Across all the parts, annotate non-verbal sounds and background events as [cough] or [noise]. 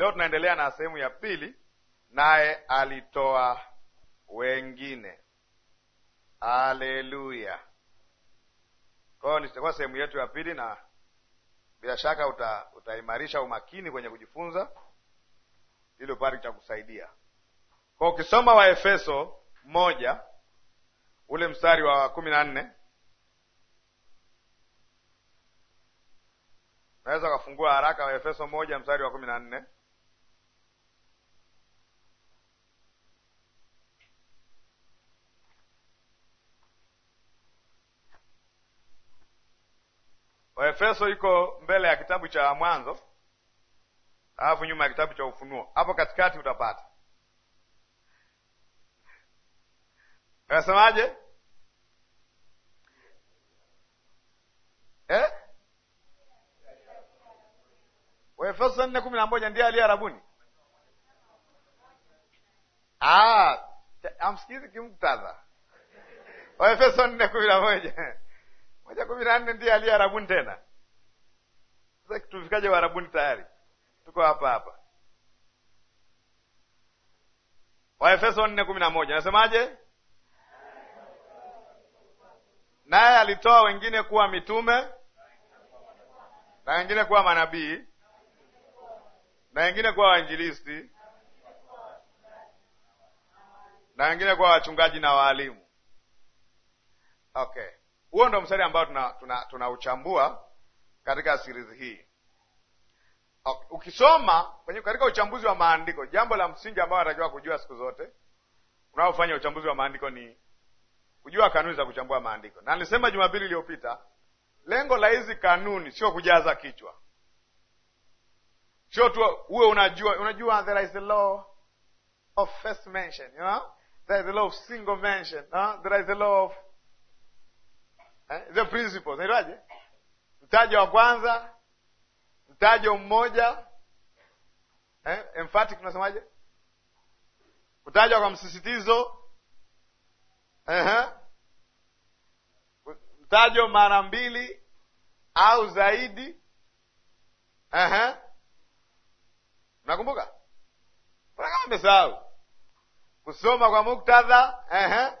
Leo tunaendelea na sehemu ya pili, naye alitoa wengine. aleluya kwayo nitakuwa sehemu yetu ya pili, na bila shaka uta, utaimarisha umakini kwenye kujifunza, ili upate kusaidia kwa ukisoma Waefeso moja ule mstari wa kumi na nne naweza ukafungua haraka Waefeso moja mstari wa kumi na nne. Waefeso iko mbele ya kitabu cha Mwanzo alafu nyuma ya kitabu cha Ufunuo, hapo katikati utapata. Unasemaje? eh? Waefeso nne kumi na moja ndiye aliye Arabuni. Ah, amsikizi kimktadha Waefeso nne kumi na moja moja kumi na nne ndiye aliye Arabuni tena. Sasa tufikaje Uarabuni? Tayari tuko hapa hapa. Waefeso nne kumi na moja nasemaje? Naye alitoa wengine kuwa mitume na wengine kuwa manabii na wengine kuwa wainjilisti na wengine kuwa wachungaji na waalimu. Okay. Huo ndo mstari ambao tunauchambua tuna, tuna katika series hii. Ukisoma katika uchambuzi wa maandiko, jambo la msingi ambao anatakiwa kujua siku zote unaofanya uchambuzi wa maandiko ni kujua kanuni za kuchambua maandiko, na nilisema Jumapili iliyopita, lengo la hizi kanuni sio kujaza kichwa, sio tu uwe unajua unajua, there is the law of first mention, you know? there is the law of single mention, huh? there is the law of eh, the principles naitwaje? Mtajo wa kwanza, mtajo mmoja eh, emphatic unasemaje Kutajwa kwa msisitizo eh, mtajo mara mbili au zaidi eh, mnakumbuka? Mbona kama mmesahau kusoma kwa muktadha eh,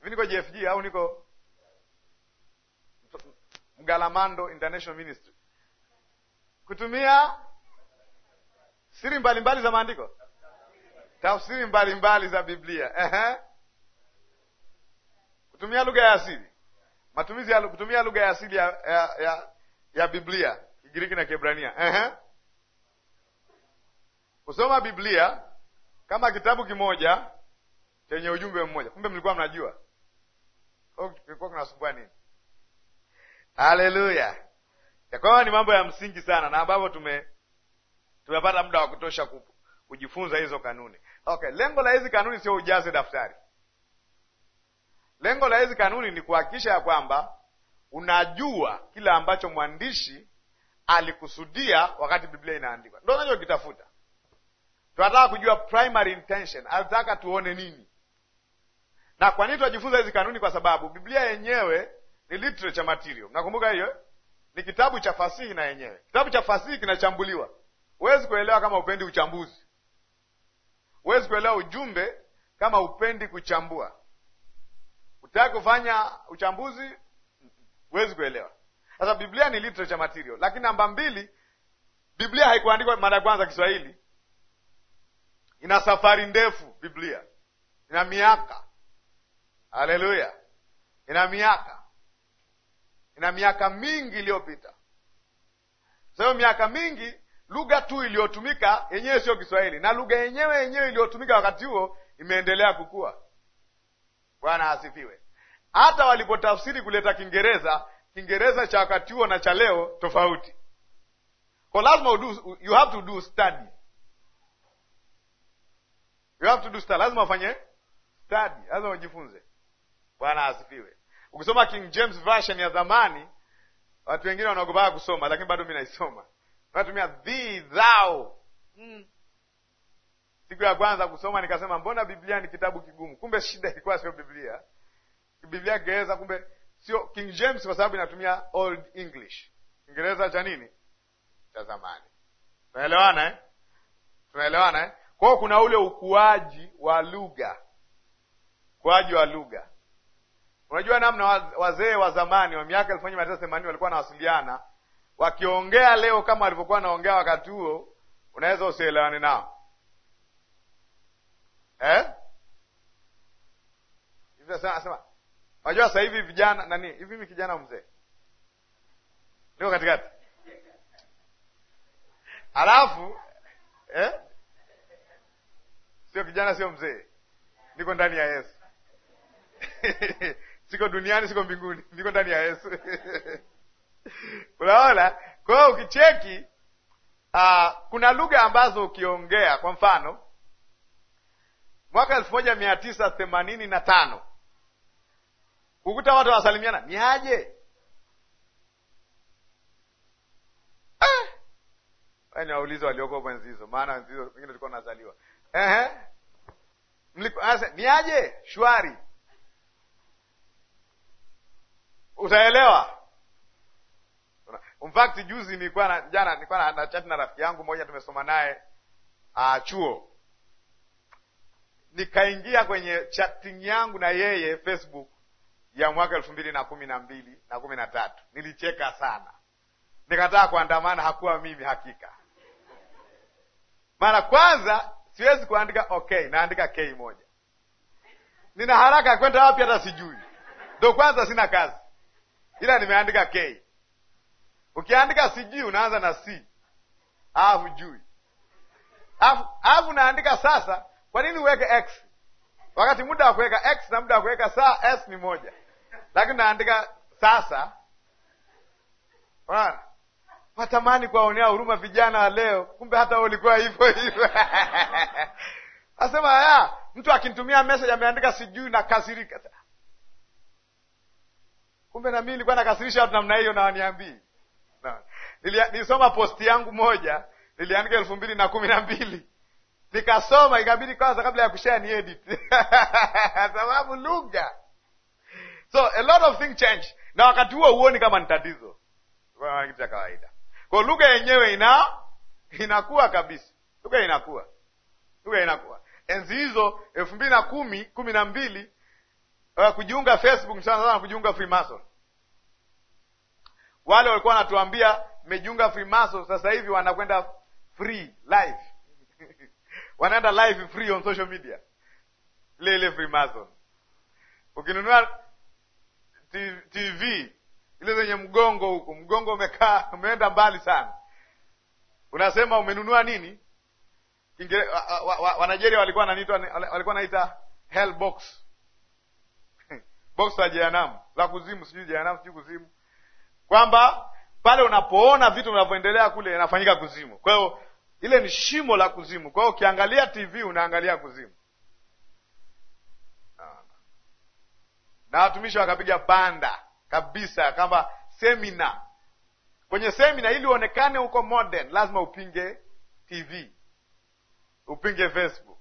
hivi niko JFG au niko Mgalamando International Ministry, kutumia siri mbalimbali mbali za maandiko, tafsiri mbalimbali za Biblia, ehe, kutumia lugha ya asili, matumizi ya kutumia lugha ya asili ya, ya, ya, ya Biblia, Kigiriki na Kiebrania, ehe, kusoma Biblia kama kitabu kimoja chenye ujumbe mmoja. Kumbe mlikuwa mnajua kilikuwa oh, kinasumbua nini? Haleluya! Kwa hiyo ni mambo ya msingi sana, na ambapo tume tumepata muda wa kutosha kujifunza hizo kanuni. Okay, lengo la hizi kanuni sio ujaze daftari. Lengo la hizi kanuni ni kuhakikisha ya kwamba unajua kile ambacho mwandishi alikusudia wakati Biblia inaandikwa, ndo unachokitafuta. Tunataka kujua primary intention, alitaka tuone nini na kwa nini tunajifunza hizi kanuni? Kwa sababu Biblia yenyewe ni literature material, nakumbuka hiyo? Ni kitabu cha fasihi, na yenyewe kitabu cha fasihi kinachambuliwa. Huwezi kuelewa kama upendi uchambuzi, huwezi kuelewa ujumbe kama upendi kuchambua. Utaki kufanya uchambuzi, huwezi kuelewa. Sasa Biblia ni literature material. Lakini namba mbili, Biblia haikuandikwa mara ya kwanza Kiswahili. Ina safari ndefu, Biblia ina miaka Haleluya! Ina miaka ina miaka mingi iliyopita. Sasa miaka mingi, lugha tu iliyotumika yenyewe sio Kiswahili, na lugha yenyewe yenyewe iliyotumika wakati huo imeendelea kukua. Bwana asifiwe. Hata walipotafsiri kuleta Kiingereza, Kiingereza cha wakati huo na cha leo tofauti. Kwa lazima udu, you have to do study, you have to do study, lazima ufanye study, lazima ujifunze. Bwana asifiwe. Ukisoma King James version ya zamani, watu wengine wanaogopa kusoma, lakini bado mi naisoma, natumia the thou. Mm. Siku ya kwanza kusoma nikasema mbona Biblia ni kitabu kigumu? Kumbe shida ilikuwa sio Biblia. Biblia Kiingereza, kumbe sio King James, kwa sababu inatumia Old English, Kiingereza cha nini cha zamani. Tunaelewana eh? Tunaelewana eh? Kwao kuna ule ukuaji wa lugha, ukuaji wa lugha Unajua namna wazee wa zamani wa miaka elfu moja mia tisa themanini walikuwa wanawasiliana, wakiongea leo kama walivyokuwa wanaongea wakati huo, unaweza usielewane nao eh? unajua sasa hivi vijana nani hivi, mi kijana mzee niko katikati, alafu eh? Sio kijana, sio mzee, niko ndani ya Yesu [laughs] siko duniani, siko mbinguni, niko ndani ya Yesu. [laughs] Unaona? Kwa hiyo ukicheki, uh, kuna lugha ambazo ukiongea, kwa mfano mwaka elfu moja mia tisa themanini na tano ukuta watu wanasalimiana niaje? Ah, niwaulize walioko wenzi maana wenzizo wengine tulikuwa nazaliwa. ni niaje? Shwari. utaelewa. mfakti juzi nilikuwa na jana nilikuwa na chat na rafiki yangu moja, tumesoma naye uh, chuo, nikaingia kwenye chatting yangu na yeye Facebook ya mwaka elfu mbili na kumi na mbili na kumi na tatu. Nilicheka sana, nikataka kuandamana. Hakuwa mimi hakika. Mara kwanza siwezi kuandika okay, naandika k moja. Nina haraka kwenda wapi hata sijui, ndo kwanza sina kazi ila nimeandika K. Ukiandika sijui unaanza na C hujui jui alafu naandika sasa. Kwa nini uweke x wakati muda wa kuweka x na muda wa kuweka saa s ni moja, lakini naandika sasa. Unaona, watamani kuwaonea huruma vijana wa leo, kumbe hata wewe ulikuwa hivyo hivyo. [laughs] Asema ya mtu akinitumia message ameandika sijui na kasirika Kumbe na mimi nilikuwa nakasirisha watu namna hiyo na waniambii. Na, nilisoma posti yangu moja niliandika elfu mbili na kumi na mbili nikasoma, ikabidi kwanza kabla ya kushare ni edit [laughs] sababu lugha. So a lot of thing change, na wakati huo huoni kama ni tatizo, kitu cha kawaida. Kwa lugha yenyewe ina inakuwa kabisa, lugha inakuwa, lugha inakuwa. Enzi hizo elfu mbili na kumi kumi na mbili uh, kujiunga Facebook sana sana, kujiunga Freemason wale walikuwa wanatuambia mejunga Freemason, sasa hivi wanakwenda free live [laughs] wanaenda live free on social media, ile ile Freemason. Ukinunua TV ile zenye mgongo huku, mgongo umekaa [laughs] umeenda mbali sana, unasema umenunua nini? Wanigeria walikuwa naita walikuwa wanaita hell box [laughs] box la jehanamu la kuzimu, sijui jehanamu, sijui kuzimu kwamba pale unapoona vitu vinavyoendelea kule inafanyika kuzimu. Kwa hiyo ile ni shimo la kuzimu. Kwa hiyo ukiangalia TV unaangalia kuzimu. Ah. Na watumishi wakapiga banda kabisa kwamba semina, kwenye semina ili uonekane huko modern, lazima upinge TV, upinge Facebook.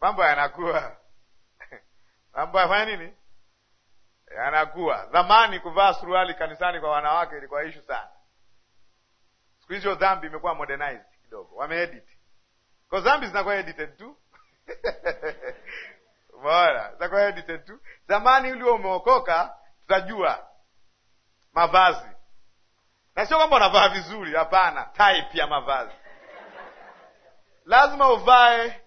Mambo yanakuwa [laughs] mambo yafanya nini yanakuwa. Zamani kuvaa suruali kanisani kwa wanawake ilikuwa ishu sana. Siku hizi dhambi imekuwa modernized kidogo, wameedit kwa dhambi zinakuwa edited tu Bora [laughs] zinakuwa edited tu. Zamani ulio umeokoka, tutajua mavazi, na sio kwamba unavaa vizuri, hapana, type ya mavazi lazima uvae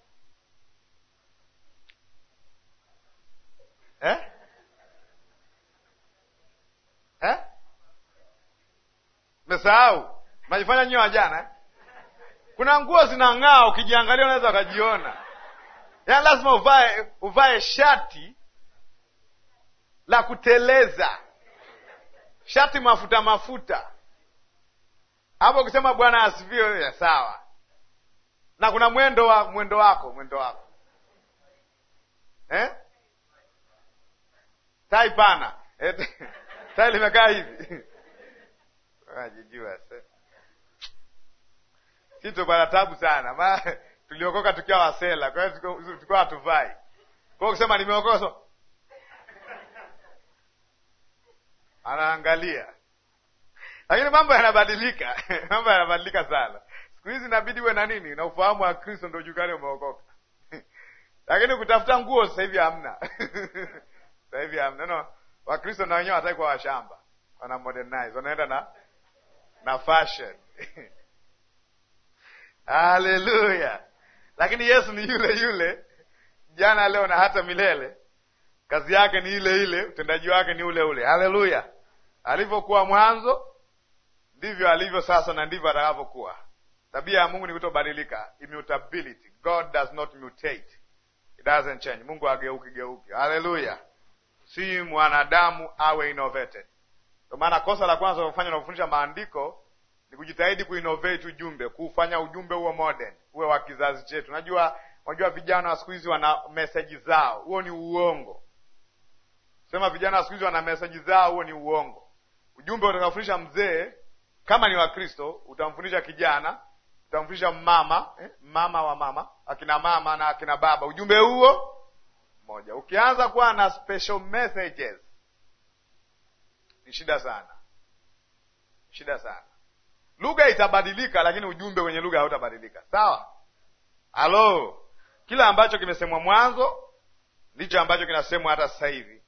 eh? eh? Mesahau najifanya nyiwe jana eh? Kuna nguo zinang'aa, ukijiangalia unaweza ukajiona, yani lazima uvae uvae shati la kuteleza, shati mafuta mafuta. Hapo ukisema Bwana asifiwe, sawa na kuna mwendo wa mwendo wako mwendo wako eh? tai pana eh, [laughs] saa limekaa hivi [laughs] najijua si tupata tabu sana, ma tuliokoka tukiwa wasela, kwa hiyo tulikuwa hatuvai. Kwa hiyo ukisema anaangalia, lakini mambo yanabadilika [laughs] mambo yanabadilika sana siku hizi, inabidi uwe na nini na ufahamu wa Kristo ndio jukali umeokoka [laughs] lakini kutafuta nguo sasa hivi hamna sasa hivi hamna no Wakristo na wenyewe wataki kuwa washamba, wana modernize, wanaenda na na fashion [laughs] haleluya! Lakini Yesu ni yule yule jana, leo na hata milele. Kazi yake ni ile ile, utendaji wake ni ule ule. Haleluya! alivyokuwa mwanzo ndivyo alivyo sasa na ndivyo atakavyokuwa. Tabia ya Mungu ni kutobadilika, immutability. God does not mutate, it doesn't change. Mungu ageuki geuki. Haleluya! si mwanadamu awe innovated. Ndio maana kosa la kwanza kufanya na kufundisha maandiko ni kujitahidi kuinnovate ujumbe, kuufanya ujumbe huo modern, uwe wa kizazi chetu. Najua unajua vijana wa siku hizi wana meseji zao, huo ni uongo. Sema vijana wa siku hizi wana meseji zao, huo ni uongo. Ujumbe utakaofundisha mzee kama ni Wakristo utamfundisha kijana, utamfundisha mama eh, mama wa mama, akina mama na akina baba, ujumbe huo moja. Ukianza kuwa na special messages ni shida sana, shida sana. Lugha itabadilika, lakini ujumbe kwenye lugha hautabadilika. Sawa? Halo, kila ambacho kimesemwa mwanzo ndicho ambacho kinasemwa hata sasa hivi,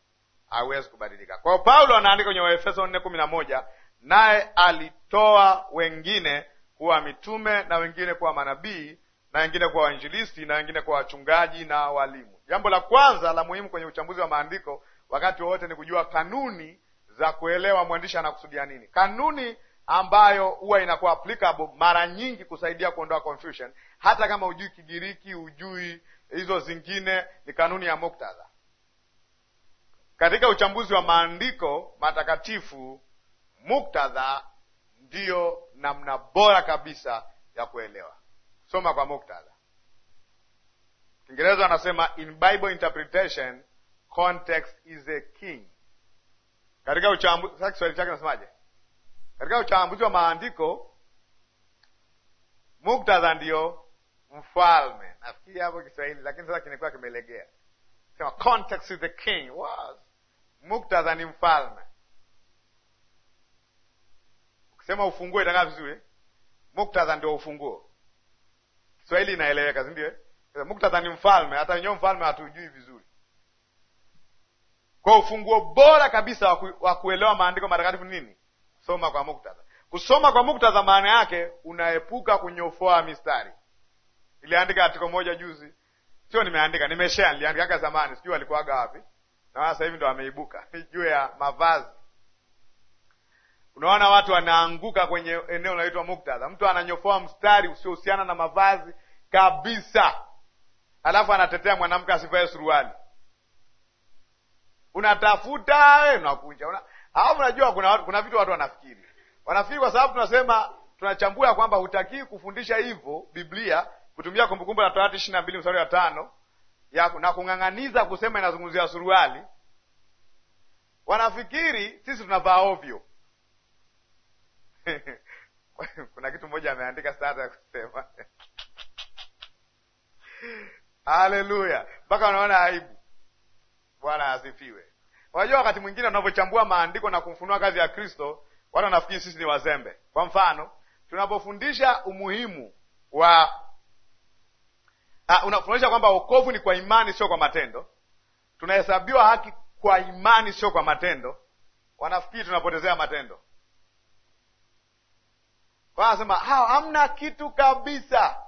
hawezi kubadilika. Kwa hiyo Paulo anaandika kwenye Waefeso nne kumi na moja, naye alitoa wengine kuwa mitume na wengine kuwa manabii na wengine kuwa wainjilisti na wengine kuwa wachungaji na walimu Jambo la kwanza la muhimu kwenye uchambuzi wa maandiko wakati wowote ni kujua kanuni za kuelewa mwandishi anakusudia nini, kanuni ambayo huwa inakuwa applicable mara nyingi kusaidia kuondoa confusion, hata kama hujui Kigiriki, hujui hizo zingine, ni kanuni ya muktadha. Katika uchambuzi wa maandiko matakatifu, muktadha ndiyo namna bora kabisa ya kuelewa. Soma kwa muktadha. Kiingereza wanasema in Bible interpretation context is a king. Katika uchambuzi sasa, Kiswahili chake nasemaje? Katika uchambuzi wa maandiko muktadha ndiyo mfalme. Nafikiri hapo Kiswahili, lakini sasa kimekuwa kimelegea. Sema context is the king. Wow. Muktadha ni mfalme. Ukisema ufunguo itakaa vizuri. Muktadha ndio ufunguo. Kiswahili inaeleweka, si ndio? Muktadha ni mfalme, hata wenyewe mfalme hatujui vizuri. Kwa ufunguo bora kabisa wa kuelewa maandiko matakatifu nini? Soma kwa muktadha. Kusoma kwa muktadha maana yake unaepuka kunyofoa mistari. Niliandika katika moja juzi, sio nimeandika, nimeshare, niliandika zamani, sijui alikuwaga wapi, na sasa hivi ndo ameibuka [laughs] juu ya mavazi. Unaona watu wanaanguka kwenye eneo linaloitwa muktadha. Mtu ananyofoa mstari usiohusiana na mavazi kabisa alafu anatetea mwanamke asivae suruali. Unatafuta eh, una, alafu unajua kuna, kuna vitu watu wanafikiri wanafikiri kwa sababu tunasema tunachambua kwamba hutakii kufundisha hivyo Biblia kutumia Kumbukumbu la Torati ishirini na mbili mstari wa tano na kung'ang'aniza kusema inazungumzia suruali. Wanafikiri sisi tunavaa ovyo. [laughs] kuna kitu mmoja ameandika sasa ya kusema [laughs] Haleluya, mpaka wanaona aibu. Bwana asifiwe. Unajua, wakati mwingine unavyochambua maandiko na kumfunua kazi ya Kristo, watu wanafikiri sisi ni wazembe. Kwa mfano, tunapofundisha umuhimu wa ah, unafundisha kwamba wokovu ni kwa imani, sio kwa matendo, tunahesabiwa haki kwa imani, sio kwa matendo, wanafikiri tunapotezea matendo. Kwa anasema hamna kitu kabisa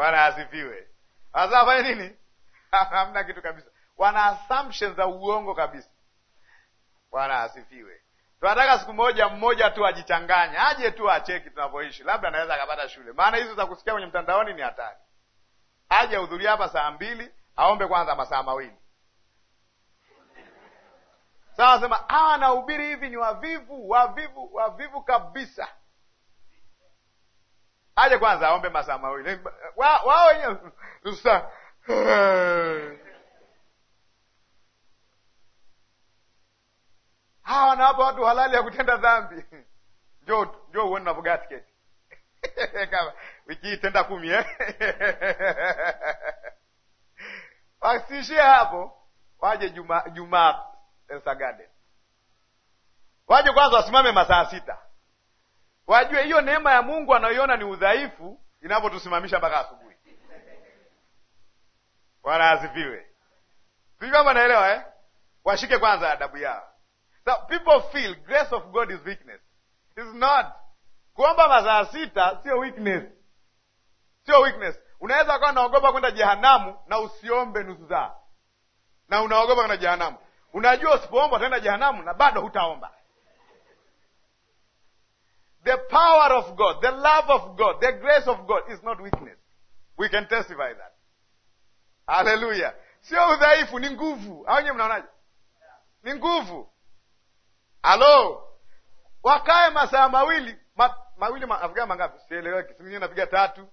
Bwana asifiwe. Afanye nini? [laughs] Hamna kitu kabisa, wana assumptions za uongo kabisa. Bwana asifiwe. Tunataka siku moja mmoja tu ajichanganye, aje tu acheki tunavyoishi, labda anaweza akapata shule. Maana hizo za kusikia kwenye mtandaoni ni hatari. Aje ahudhuria hapa saa mbili, aombe kwanza masaa mawili. Sasa sema hawa ah, nahubiri hivi ni wavivu, wavivu, wavivu kabisa aje kwanza aombe masaa mawili wao wenyewe hawa wanawapa watu halali ya kutenda dhambi. njo njoo uone unavogaa tiketi [laughs] kama wiki hii tenda kumi eh? [laughs] Wasiishie hapo, waje Jumaa Juma, Elsa Garden, waje kwanza wasimame masaa sita wajue hiyo neema ya Mungu anayoiona ni udhaifu inavyotusimamisha mpaka asubuhi. Bwana asifiwe. Sijui kama naelewa eh? Washike kwanza adabu yao. So people feel grace of God is weakness. It's not. Kuomba masaa sita sio weakness, sio weakness. Unaweza ukawa unaogopa kwenda jehanamu na usiombe nusu saa, na unaogopa kwenda jehanamu. Unajua usipoomba utaenda jehanamu na bado hutaomba. The power of God, the love of God, the grace of God is not weakness. We can testify that. Haleluya! Sio udhaifu, ni nguvu. Au nyewe mnaonaje? Ni nguvu. Halo, wakae masaa mawili ma, mawili nafikia mangapi? Sieleweki, si napiga tatu,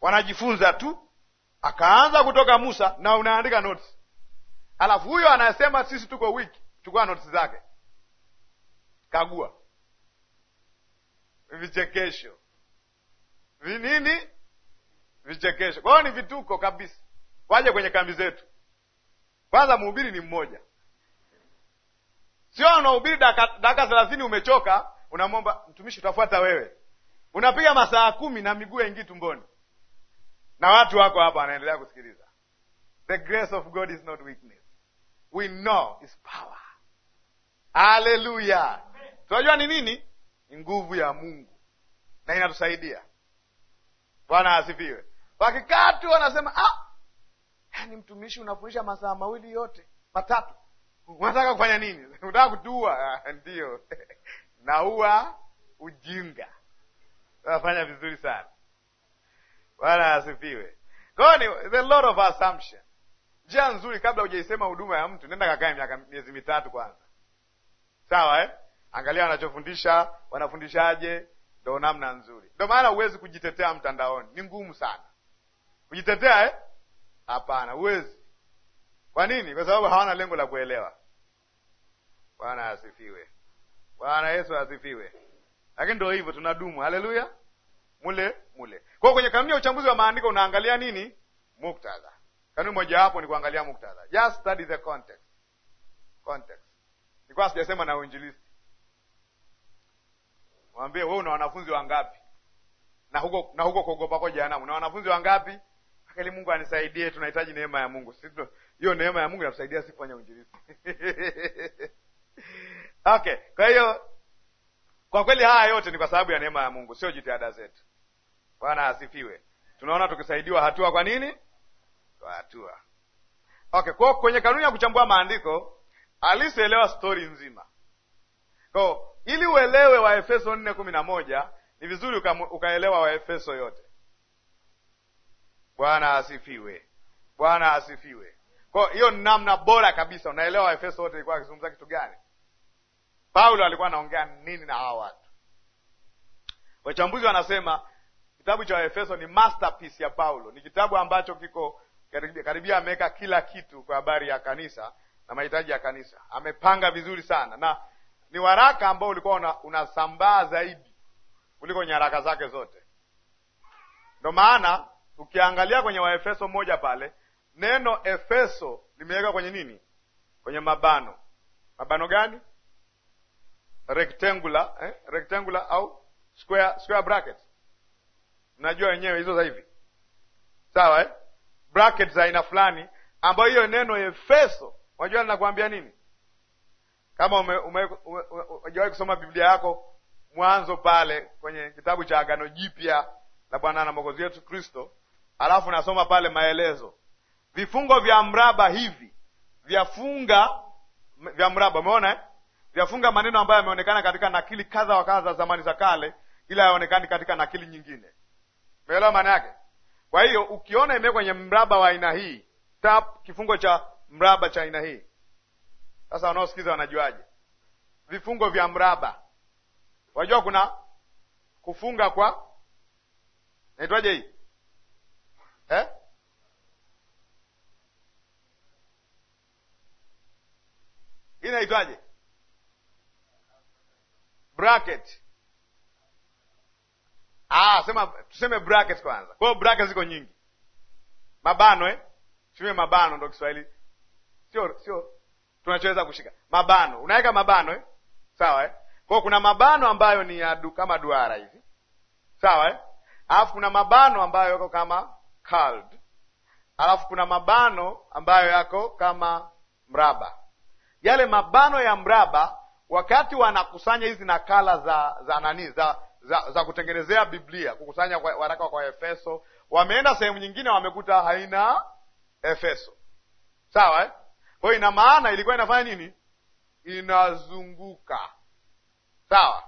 wanajifunza tu. Akaanza kutoka Musa na unaandika notes, alafu huyo anasema sisi tuko wiki, chukua notes zake, kagua vichekesho vi nini vichekesho. Kwa hiyo ni vituko kabisa, waje kwenye kambi zetu. Kwanza mhubiri ni mmoja, sio unahubiri dakika thelathini, umechoka, unamwomba mtumishi, utafuata wewe, unapiga masaa kumi na miguu yaingii tumboni, na watu wako hapa wanaendelea kusikiliza. The grace of God is not weakness, we know is power. Haleluya! tunajua ni nini ni nguvu ya Mungu na inatusaidia. Bwana asifiwe. Wakikaa tu wanasema ah, yani eh, mtumishi unafundisha masaa mawili yote matatu, unataka kufanya nini? [laughs] unataka kutua? Ah, ndio [laughs] naua ujinga. Unafanya vizuri sana. Bwana asifiwe. The lot of assumption. Njia nzuri kabla hujaisema huduma ya mtu, nenda kakae miaka miezi mitatu kwanza, sawa eh? Angalia wanachofundisha, wanafundishaje? Ndo namna nzuri. Ndo maana huwezi kujitetea mtandaoni, ni ngumu sana kujitetea eh? Hapana, huwezi. Kwa nini? Kwa sababu hawana lengo la kuelewa. Bwana asifiwe, Bwana Yesu asifiwe. Lakini ndo hivyo tunadumu, haleluya, mule mule. Kwa hiyo kwenye kanuni ya uchambuzi wa maandiko unaangalia nini? Muktadha. Kanuni mojawapo ni kuangalia muktadha, just study the context, context. Nilikuwa sijasema na uinjilisti Mwambie wewe una wanafunzi wangapi? Na huko na huko kuogopa kwa jehanamu. Una wanafunzi wangapi? Akili Mungu anisaidie, tunahitaji neema ya Mungu. Sisi hiyo neema ya Mungu inatusaidia sisi kufanya uinjilisi [laughs] Okay, kwa hiyo kwa kweli haya yote ni kwa sababu ya neema ya Mungu, sio jitihada zetu. Bwana asifiwe. Tunaona tukisaidiwa hatua kwa nini? Kwa hatua. Okay, kwa kwenye kanuni ya kuchambua maandiko alisielewa stori nzima. Kwa ili uelewe Waefeso nne kumi na moja ni vizuri uka, ukaelewa Waefeso yote. Bwana asifiwe, Bwana asifiwe. Kwa hiyo namna bora kabisa unaelewa Waefeso wote ilikuwa akizungumza kitu gani, Paulo alikuwa anaongea nini na hawa watu. Wachambuzi wanasema kitabu cha Waefeso ni masterpiece ya Paulo, ni kitabu ambacho kiko karibia ameweka kila kitu kwa habari ya kanisa na mahitaji ya kanisa, amepanga vizuri sana na ni waraka ambao ulikuwa unasambaa zaidi kuliko nyaraka zake zote. Ndo maana ukiangalia kwenye Waefeso moja pale neno Efeso limeweka kwenye nini? Kwenye mabano. Mabano gani? Rectangular, eh? Rectangular au square, square bracket. Mnajua wenyewe hizo za hivi, sawa eh? bracket za aina fulani ambayo hiyo neno Efeso, unajua linakuambia nini? Kama umejawahi kusoma Biblia yako mwanzo pale kwenye kitabu cha Agano Jipya la Bwana na Mwokozi wetu Kristo, alafu nasoma pale maelezo, vifungo vya mraba hivi vyafunga vya mraba, umeona eh? vyafunga maneno ambayo yameonekana katika nakili kadha wa kadha za zamani za kale, ila hayaonekani katika nakili nyingine. meelewa maana yake? Kwa hiyo ukiona imee kwenye mraba wa aina hii tap, kifungo cha mraba cha aina hii sasa wanaosikiza wanajuaje vifungo vya mraba? Wajua kuna kufunga kwa naitwaje hii eh? hii naitwaje bracket? Ah, sema tuseme bracket kwanza. Kwa hiyo bracket ziko nyingi, mabano eh? Tumie mabano ndo Kiswahili, sio sio tunachoweza kushika mabano, unaweka mabano eh? sawa eh? kwao kuna mabano ambayo ni ya kama duara hivi sawa eh? alafu kuna mabano ambayo yako kama curled, alafu kuna mabano ambayo yako kama mraba. Yale mabano ya mraba, wakati wanakusanya hizi nakala za za nani za za, za kutengenezea Biblia, kukusanya waraka kwa Efeso, wameenda sehemu nyingine, wamekuta haina Efeso, sawa eh? Kwa hiyo ina maana ilikuwa inafanya nini? Inazunguka. Sawa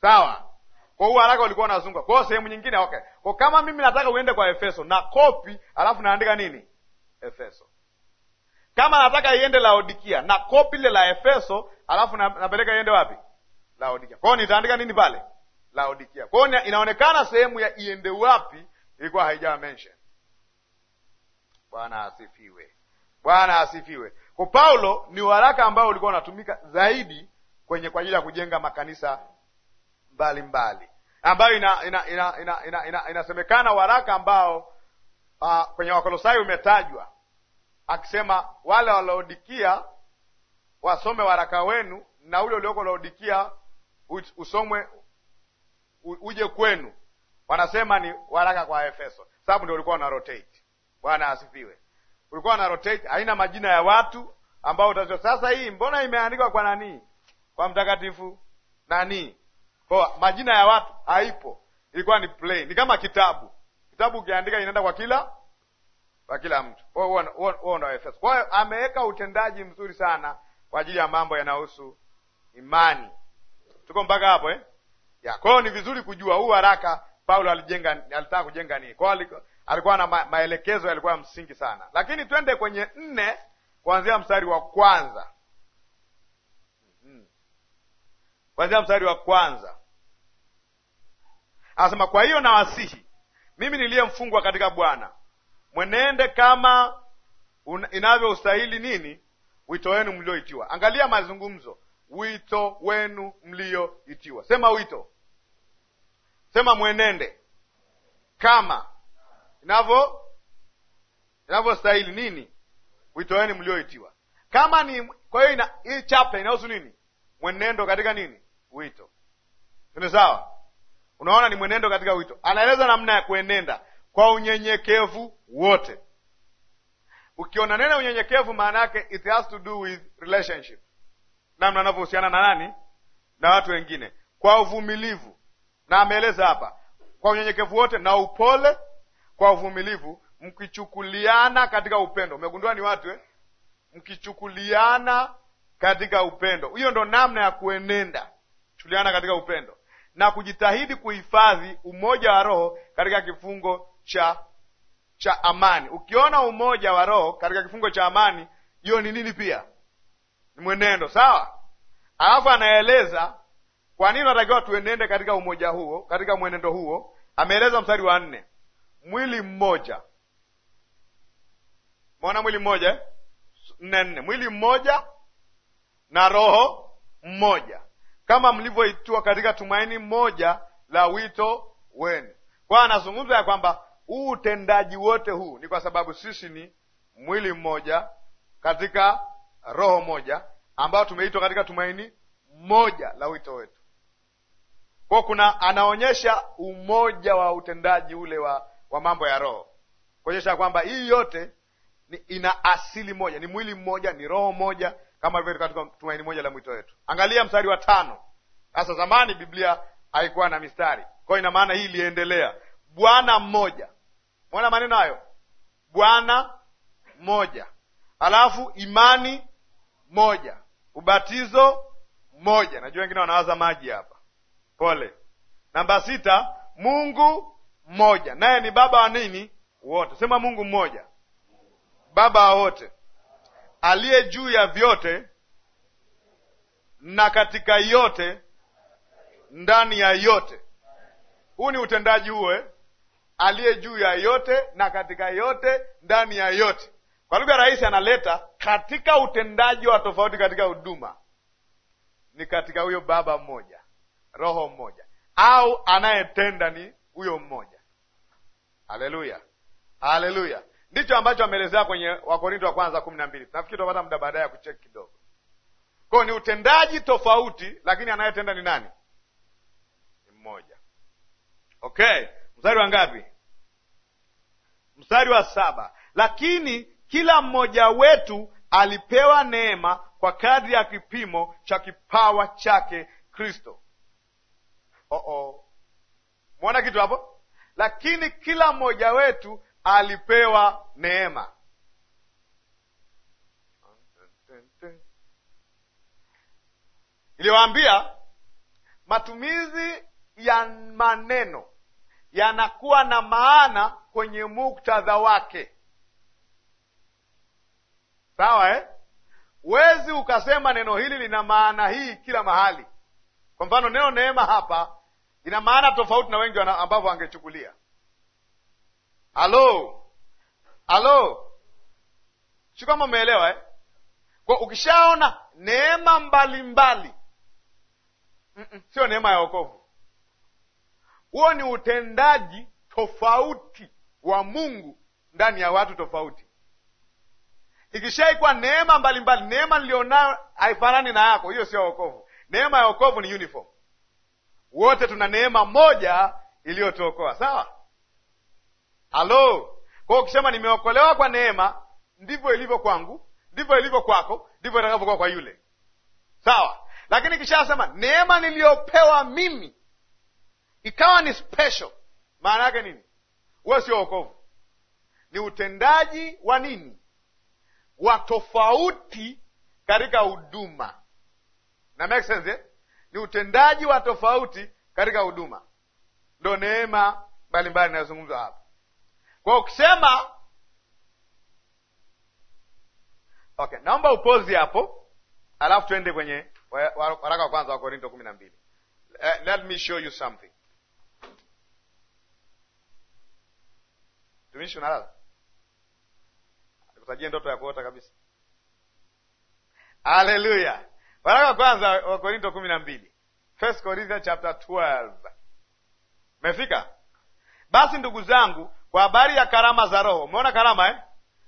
sawa. Kwa hiyo haraka ulikuwa unazunguka. Kwa hiyo sehemu nyingine, okay. Kwa kama mimi nataka uende kwa Efeso na kopi, alafu naandika nini? Efeso. Kama nataka iende Laodikia na kopi ile la Efeso, alafu napeleka iende wapi? Laodikia. Kwa hiyo nitaandika nini pale? Laodikia. Kwa hiyo inaonekana sehemu ya iende wapi ilikuwa haijawa mention. Bwana asifiwe. Bwana asifiwe. Kwa Paulo ni waraka ambao ulikuwa unatumika zaidi kwenye kwa ajili ya kujenga makanisa mbalimbali, ambayo inasemekana ina, ina, ina, ina, ina waraka ambao uh, kwenye Wakolosai umetajwa akisema wale Walaodikia wasome waraka wenu na ule ulioko Laodikia usomwe uje kwenu. Wanasema ni waraka kwa Efeso sababu ndio ulikuwa una rotate. Bwana asifiwe ulikuwa na rotate, haina majina ya watu ambao utajua. Sasa hii mbona imeandikwa kwa nani? Kwa mtakatifu nani? Kwa majina ya watu haipo, ilikuwa ni plain. Ni kama kitabu, kitabu ukiandika inaenda kwa kila kwa kila mtu. Huo ndo Efeso. Kwa hiyo ameweka utendaji mzuri sana kwa ajili ya mambo yanayohusu imani. Tuko mpaka hapo eh? Ya, kwa hiyo ni vizuri kujua huu haraka Paulo alijenga alitaka kujenga nini? Kwa hiyo alikuwa na ma maelekezo yalikuwa ya msingi sana, lakini twende kwenye nne kuanzia mstari wa kwanza hmm. kuanzia mstari wa kwanza anasema, kwa hiyo nawasihi mimi niliye mfungwa katika Bwana, mwenende kama inavyostahili nini wito wenu mlioitiwa. Angalia mazungumzo, wito wenu mlioitiwa. Sema wito, sema mwenende kama inavyo inavyostahili nini, witoeni mlioitiwa. Kama ni kwa hiyo, hii chapter inahusu nini? Mwenendo katika nini, wito. Tuende sawa? Unaona, ni mwenendo katika wito. Anaeleza namna ya kuenenda kwa unyenyekevu wote. Ukiona neno unyenyekevu, maana yake it has to do with relationship, namna anavyohusiana na nani na watu wengine, kwa uvumilivu, na ameeleza hapa, kwa unyenyekevu wote na upole kwa uvumilivu, mkichukuliana katika upendo. Umegundua ni watu eh? Mkichukuliana katika upendo, hiyo ndo namna ya kuenenda, chukuliana katika upendo na kujitahidi kuhifadhi umoja wa roho katika kifungo cha cha amani. Ukiona umoja wa roho katika kifungo cha amani, hiyo ni nini? Pia ni mwenendo, sawa. Alafu anaeleza kwa nini natakiwa tuenende katika umoja huo, katika mwenendo huo. Ameeleza mstari wa nne, mwili mmoja. Mona mwili mmoja eh? nne nne, mwili mmoja na roho mmoja, kama mlivyoitiwa katika tumaini moja la wito wenu. Kwa anazungumza ya kwamba huu utendaji wote huu ni kwa sababu sisi ni mwili mmoja katika roho moja, ambao tumeitwa katika tumaini moja la wito wetu. kwao kuna anaonyesha umoja wa utendaji ule wa wa mambo ya roho, kuonyesha kwamba hii yote ni ina asili moja, ni mwili mmoja, ni roho moja, kama ilivyo katika tumaini moja la mwito wetu. Angalia mstari wa tano. Sasa zamani Biblia haikuwa na mistari, kwa hiyo ina maana hii iliendelea. Bwana mmoja, mwona maneno hayo, Bwana mmoja, alafu imani moja, ubatizo moja. Najua wengine wanawaza maji hapa, pole. Namba sita, Mungu mmoja, naye ni baba wa nini wote. Sema Mungu mmoja, baba wa wote, aliye juu ya vyote na katika yote, ndani ya yote. Huu ni utendaji huo, eh? aliye juu ya yote na katika yote, ndani ya yote. Kwa lugha rahisi, analeta katika utendaji wa tofauti katika huduma ni katika huyo baba mmoja, roho mmoja, au anayetenda ni huyo mmoja. Haleluya, haleluya. Ndicho ambacho ameelezea kwenye Wakorinto wa kwanza kumi na mbili. Nafikiri tutapata muda baadaye ya kucheki kidogo. Kwao ni utendaji tofauti, lakini anayetenda ni nani? Ni mmoja. Okay, mstari wa ngapi? Mstari wa saba. Lakini kila mmoja wetu alipewa neema kwa kadri ya kipimo cha kipawa chake Kristo. Oh oh, mwona kitu hapo? lakini kila mmoja wetu alipewa neema. Niliwaambia matumizi ya maneno yanakuwa na maana kwenye muktadha wake, sawa eh? Wezi ukasema neno hili lina maana hii kila mahali. Kwa mfano neno neema hapa ina maana tofauti na wengi ambavyo wangechukulia. Halo, halo, si kama umeelewa eh? Kwa ukishaona neema mbalimbali mm -mm, sio neema ya wokovu, huo ni utendaji tofauti wa Mungu ndani ya watu tofauti. Ikishaikuwa neema mbalimbali, neema nilionayo haifanani na yako, hiyo sio wokovu. Neema ya wokovu ni uniform wote tuna neema moja iliyotuokoa. Sawa, halo. Kwa hiyo ukisema nimeokolewa kwa neema, ndivyo ilivyo kwangu, ndivyo ilivyo kwako, ndivyo itakavyokuwa kwa yule. Sawa, lakini kishasema neema niliyopewa mimi ikawa ni special, maana yake nini? huwe sio okovu ni utendaji wa nini, wa tofauti katika huduma na make sense eh? ni utendaji wa tofauti katika huduma, ndo neema mbalimbali inayozungumzwa hapa. Kwa ukisema okay, naomba upozi hapo, alafu tuende kwenye waraka wa kwanza wa Korinto kumi na mbili. Eh, let me show you something. Tumishi unalala, nikutajie ndoto ya kuota kabisa. Haleluya! Waraka kwanza wa Korinto kumi na mbili, First Corinthians chapter 12. Mefika? Basi ndugu zangu, kwa habari ya karama za Roho, umeona karama eh?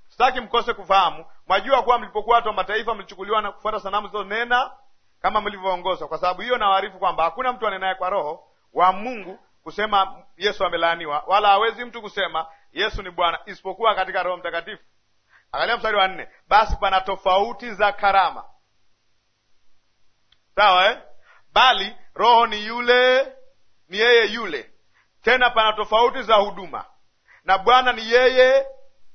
Sitaki mkose kufahamu. Mwajua kuwa mlipokuwa watu wa mataifa, mlichukuliwa na kufuata sanamu zilizonena kama mlivyoongozwa. Kwa sababu hiyo, nawaarifu kwamba hakuna mtu anenaye kwa Roho wa Mungu kusema Yesu amelaaniwa, wala hawezi mtu kusema Yesu ni Bwana isipokuwa katika Roho Mtakatifu. Angalia mstari wa nne. Basi pana tofauti za karama sawa eh? Bali Roho ni yule, ni yeye yule. Tena pana tofauti za huduma, na Bwana ni yeye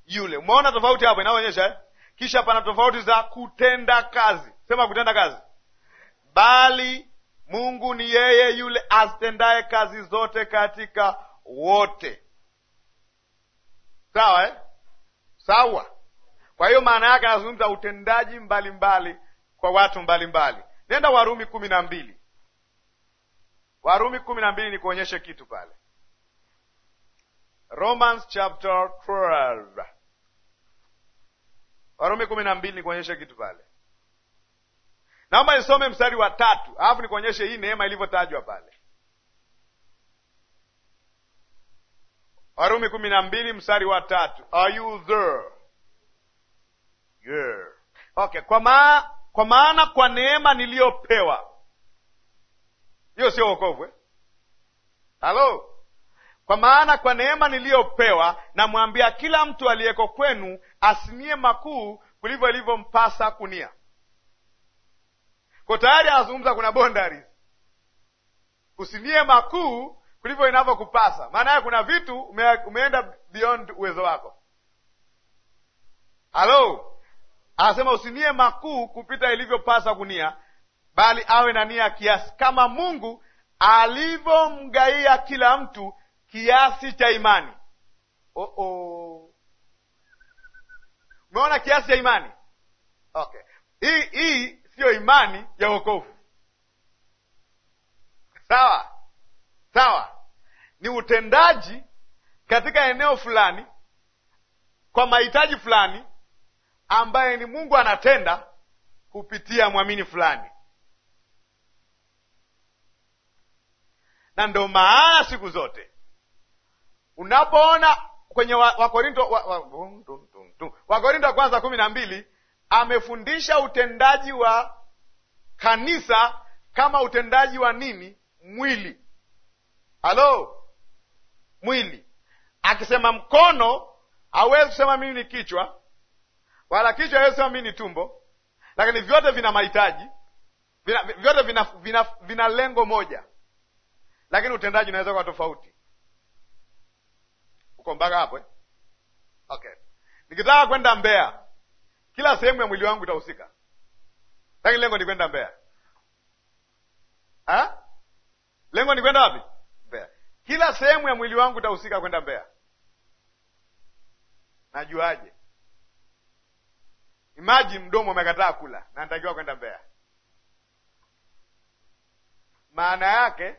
yule. Umeona tofauti hapo inaonyesha eh? Kisha pana tofauti za kutenda kazi. Sema kutenda kazi. Bali Mungu ni yeye yule azitendaye kazi zote katika wote, sawa eh? Sawa. Kwa hiyo maana yake anazungumza utendaji mbalimbali mbali, kwa watu mbalimbali mbali. Nenda Warumi kumi na mbili. Warumi kumi na mbili nikuonyeshe kitu pale. Romans chapter 12. Warumi kumi na mbili nikuonyeshe kitu pale. Naomba nisome mstari wa tatu alafu nikuonyeshe hii neema ilivyotajwa pale. Warumi kumi na mbili mstari wa tatu. Are you there? Yeah. Okay, kwa maa kwa maana kwa neema niliyopewa. Hiyo sio wokovu eh? Halo, kwa maana kwa neema niliyopewa namwambia kila mtu aliyeko kwenu asinie makuu kulivyo ilivyompasa kunia. Kwa tayari anazungumza, kuna bondari Usinie makuu kulivyo inavyokupasa, maana yake kuna vitu ume, umeenda beyond uwezo wako. Halo, Anasema usinie makuu kupita ilivyopasa kunia, bali awe na nia kiasi, kama Mungu alivyomgaia kila mtu kiasi cha imani. Oh oh, umeona kiasi cha imani. Okay, hii hii siyo imani ya wokovu. Sawa sawa, ni utendaji katika eneo fulani kwa mahitaji fulani ambaye ni Mungu anatenda kupitia mwamini fulani. Na ndo maana siku zote unapoona kwenye Wakorinto wa, wa, wa, wa, wa kwanza kumi na mbili amefundisha utendaji wa kanisa kama utendaji wa nini? Mwili. Halo, mwili. Akisema mkono hawezi kusema mimi ni kichwa, wala kichwa Yesu mimi ni tumbo, lakini vyote vina mahitaji, vina, vyote vina, vina, vina lengo moja, lakini utendaji unaweza kuwa tofauti. Uko mpaka hapo eh? Okay, nikitaka kwenda Mbeya, kila sehemu ya mwili wangu itahusika, lakini lengo ni kwenda Mbeya. Ha? lengo ni kwenda wapi? Mbeya. Kila sehemu ya mwili wangu itahusika kwenda Mbeya. Najuaje? Imagine mdomo umekataa kula na anatakiwa kwenda mbea Maana yake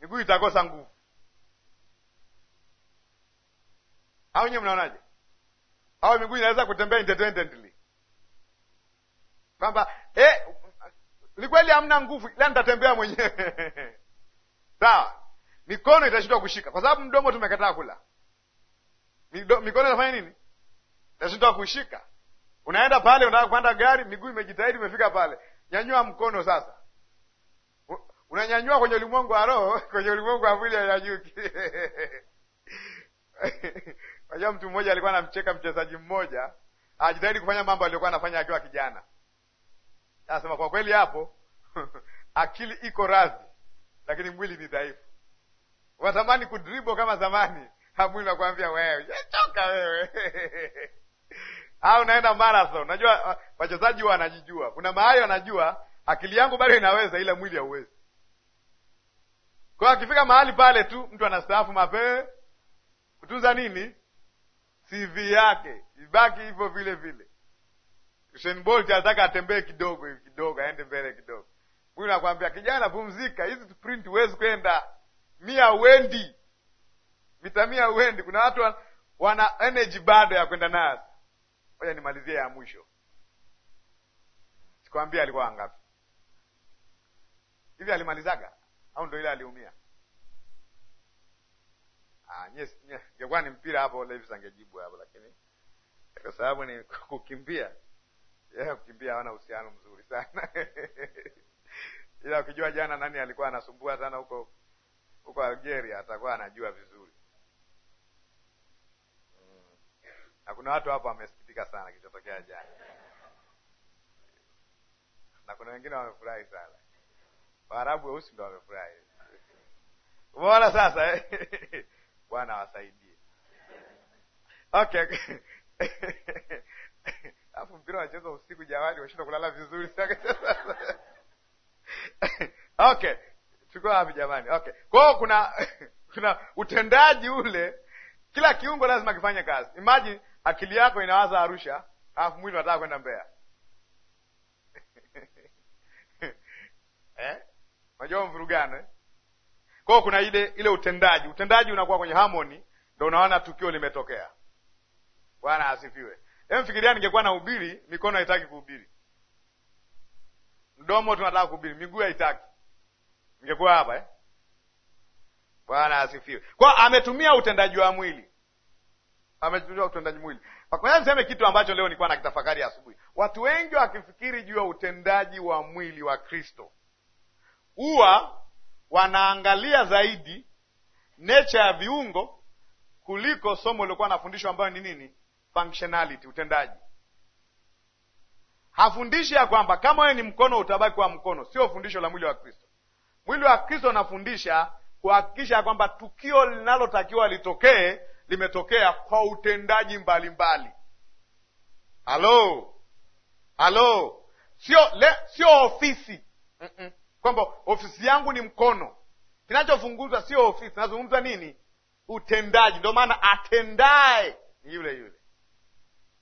miguu itakosa nguvu, au nyewe mnaonaje? Au miguu inaweza kutembea independently kwamba eh, ni kweli hamna nguvu, ila nitatembea mwenyewe [laughs] sawa. Mikono itashindwa kushika kwa sababu mdomo tumekataa kula. Mikono inafanya nini? nashindwa kushika. Unaenda pale, unataka kupanda gari, miguu imejitahidi, umefika pale, nyanyua mkono sasa. Unanyanyua kwenye ulimwengu wa roho, [laughs] kwenye ulimwengu wa mwili hanyanyuki. [laughs] Unajua, mtu mmoja alikuwa anamcheka mchezaji mmoja, ajitahidi kufanya mambo aliyokuwa anafanya akiwa kijana. Anasema kwa kweli hapo [laughs] akili iko radhi, lakini mwili ni dhaifu. Watamani kudribo kama zamani, hamwili nakuambia wewe, choka wewe au naenda marathon. Unajua uh, wachezaji huwa wanajijua, kuna mahali wanajua akili yangu bado inaweza, ila mwili hauwezi. Kwa hiyo akifika mahali pale tu mtu anastaafu mapee Kutunza nini? CV yake ibaki hivyo vile vile. Usain Bolt anataka atembee kidogo hivi kidogo, aende mbele kidogo. Huyu nakwambia kijana, pumzika, hizi print huwezi kwenda mia, uendi vitamia, uendi. Kuna watu wana energy bado ya kwenda nayo Ngoja nimalizie ya mwisho. Sikwambia alikuwa angapi hivi? Alimalizaga au ndo ile aliumia? Ah, yes, Ingekuwa ni mpira hapo Levis angejibu hapo, lakini kwa sababu ni [laughs] kukimbia yeah, kukimbia hawana uhusiano mzuri sana [laughs] ila ukijua jana nani alikuwa anasumbua sana huko huko Algeria, atakuwa anajua vizuri. na kuna watu hapa wamesikitika sana kilichotokea jana, na kuna wengine wamefurahi sana. Waarabu weusi ndo wamefurahi. Umeona sasa eh? [laughs] Bwana wasaidie Okay. [laughs] Alafu mpira wanacheza usiku, jamani, washinda kulala vizuri sasa. [laughs] Okay, tuko wapi jamani? Okay, kwao kuna kuna utendaji ule, kila kiungo lazima kifanye kazi. Imagine akili yako inawaza Arusha alafu mwili unataka kwenda Mbeya [laughs] eh? Unajua mvurugano eh? kwao, kuna ile ile utendaji, utendaji unakuwa kwenye harmony, ndo unaona tukio limetokea. Bwana asifiwe. Mfikiria ningekuwa na ubiri, mikono haitaki kuhubiri, mdomo tunataka kuhubiri, miguu haitaki, ningekuwa hapa eh? Bwana asifiwe. Kwa ametumia utendaji wa mwili amechukuliwa utendaji mwili. Kwanza niseme kitu ambacho leo nilikuwa nakitafakari asubuhi, watu wengi wakifikiri juu ya utendaji wa mwili wa Kristo huwa wanaangalia zaidi necha ya viungo kuliko somo lilikuwa nafundishwa ambayo ni nini? Functionality, utendaji. Hafundishi ya kwamba kama wewe ni mkono utabaki kwa mkono, sio fundisho la mwili wa Kristo. Mwili wa Kristo unafundisha kuhakikisha kwamba tukio linalotakiwa litokee limetokea kwa utendaji mbalimbali. Halo, halo, sio le, sio ofisi mm -mm. kwamba ofisi yangu ni mkono, kinachofunguzwa sio ofisi. Nazungumza nini? Utendaji. Ndio maana atendaye yule yule.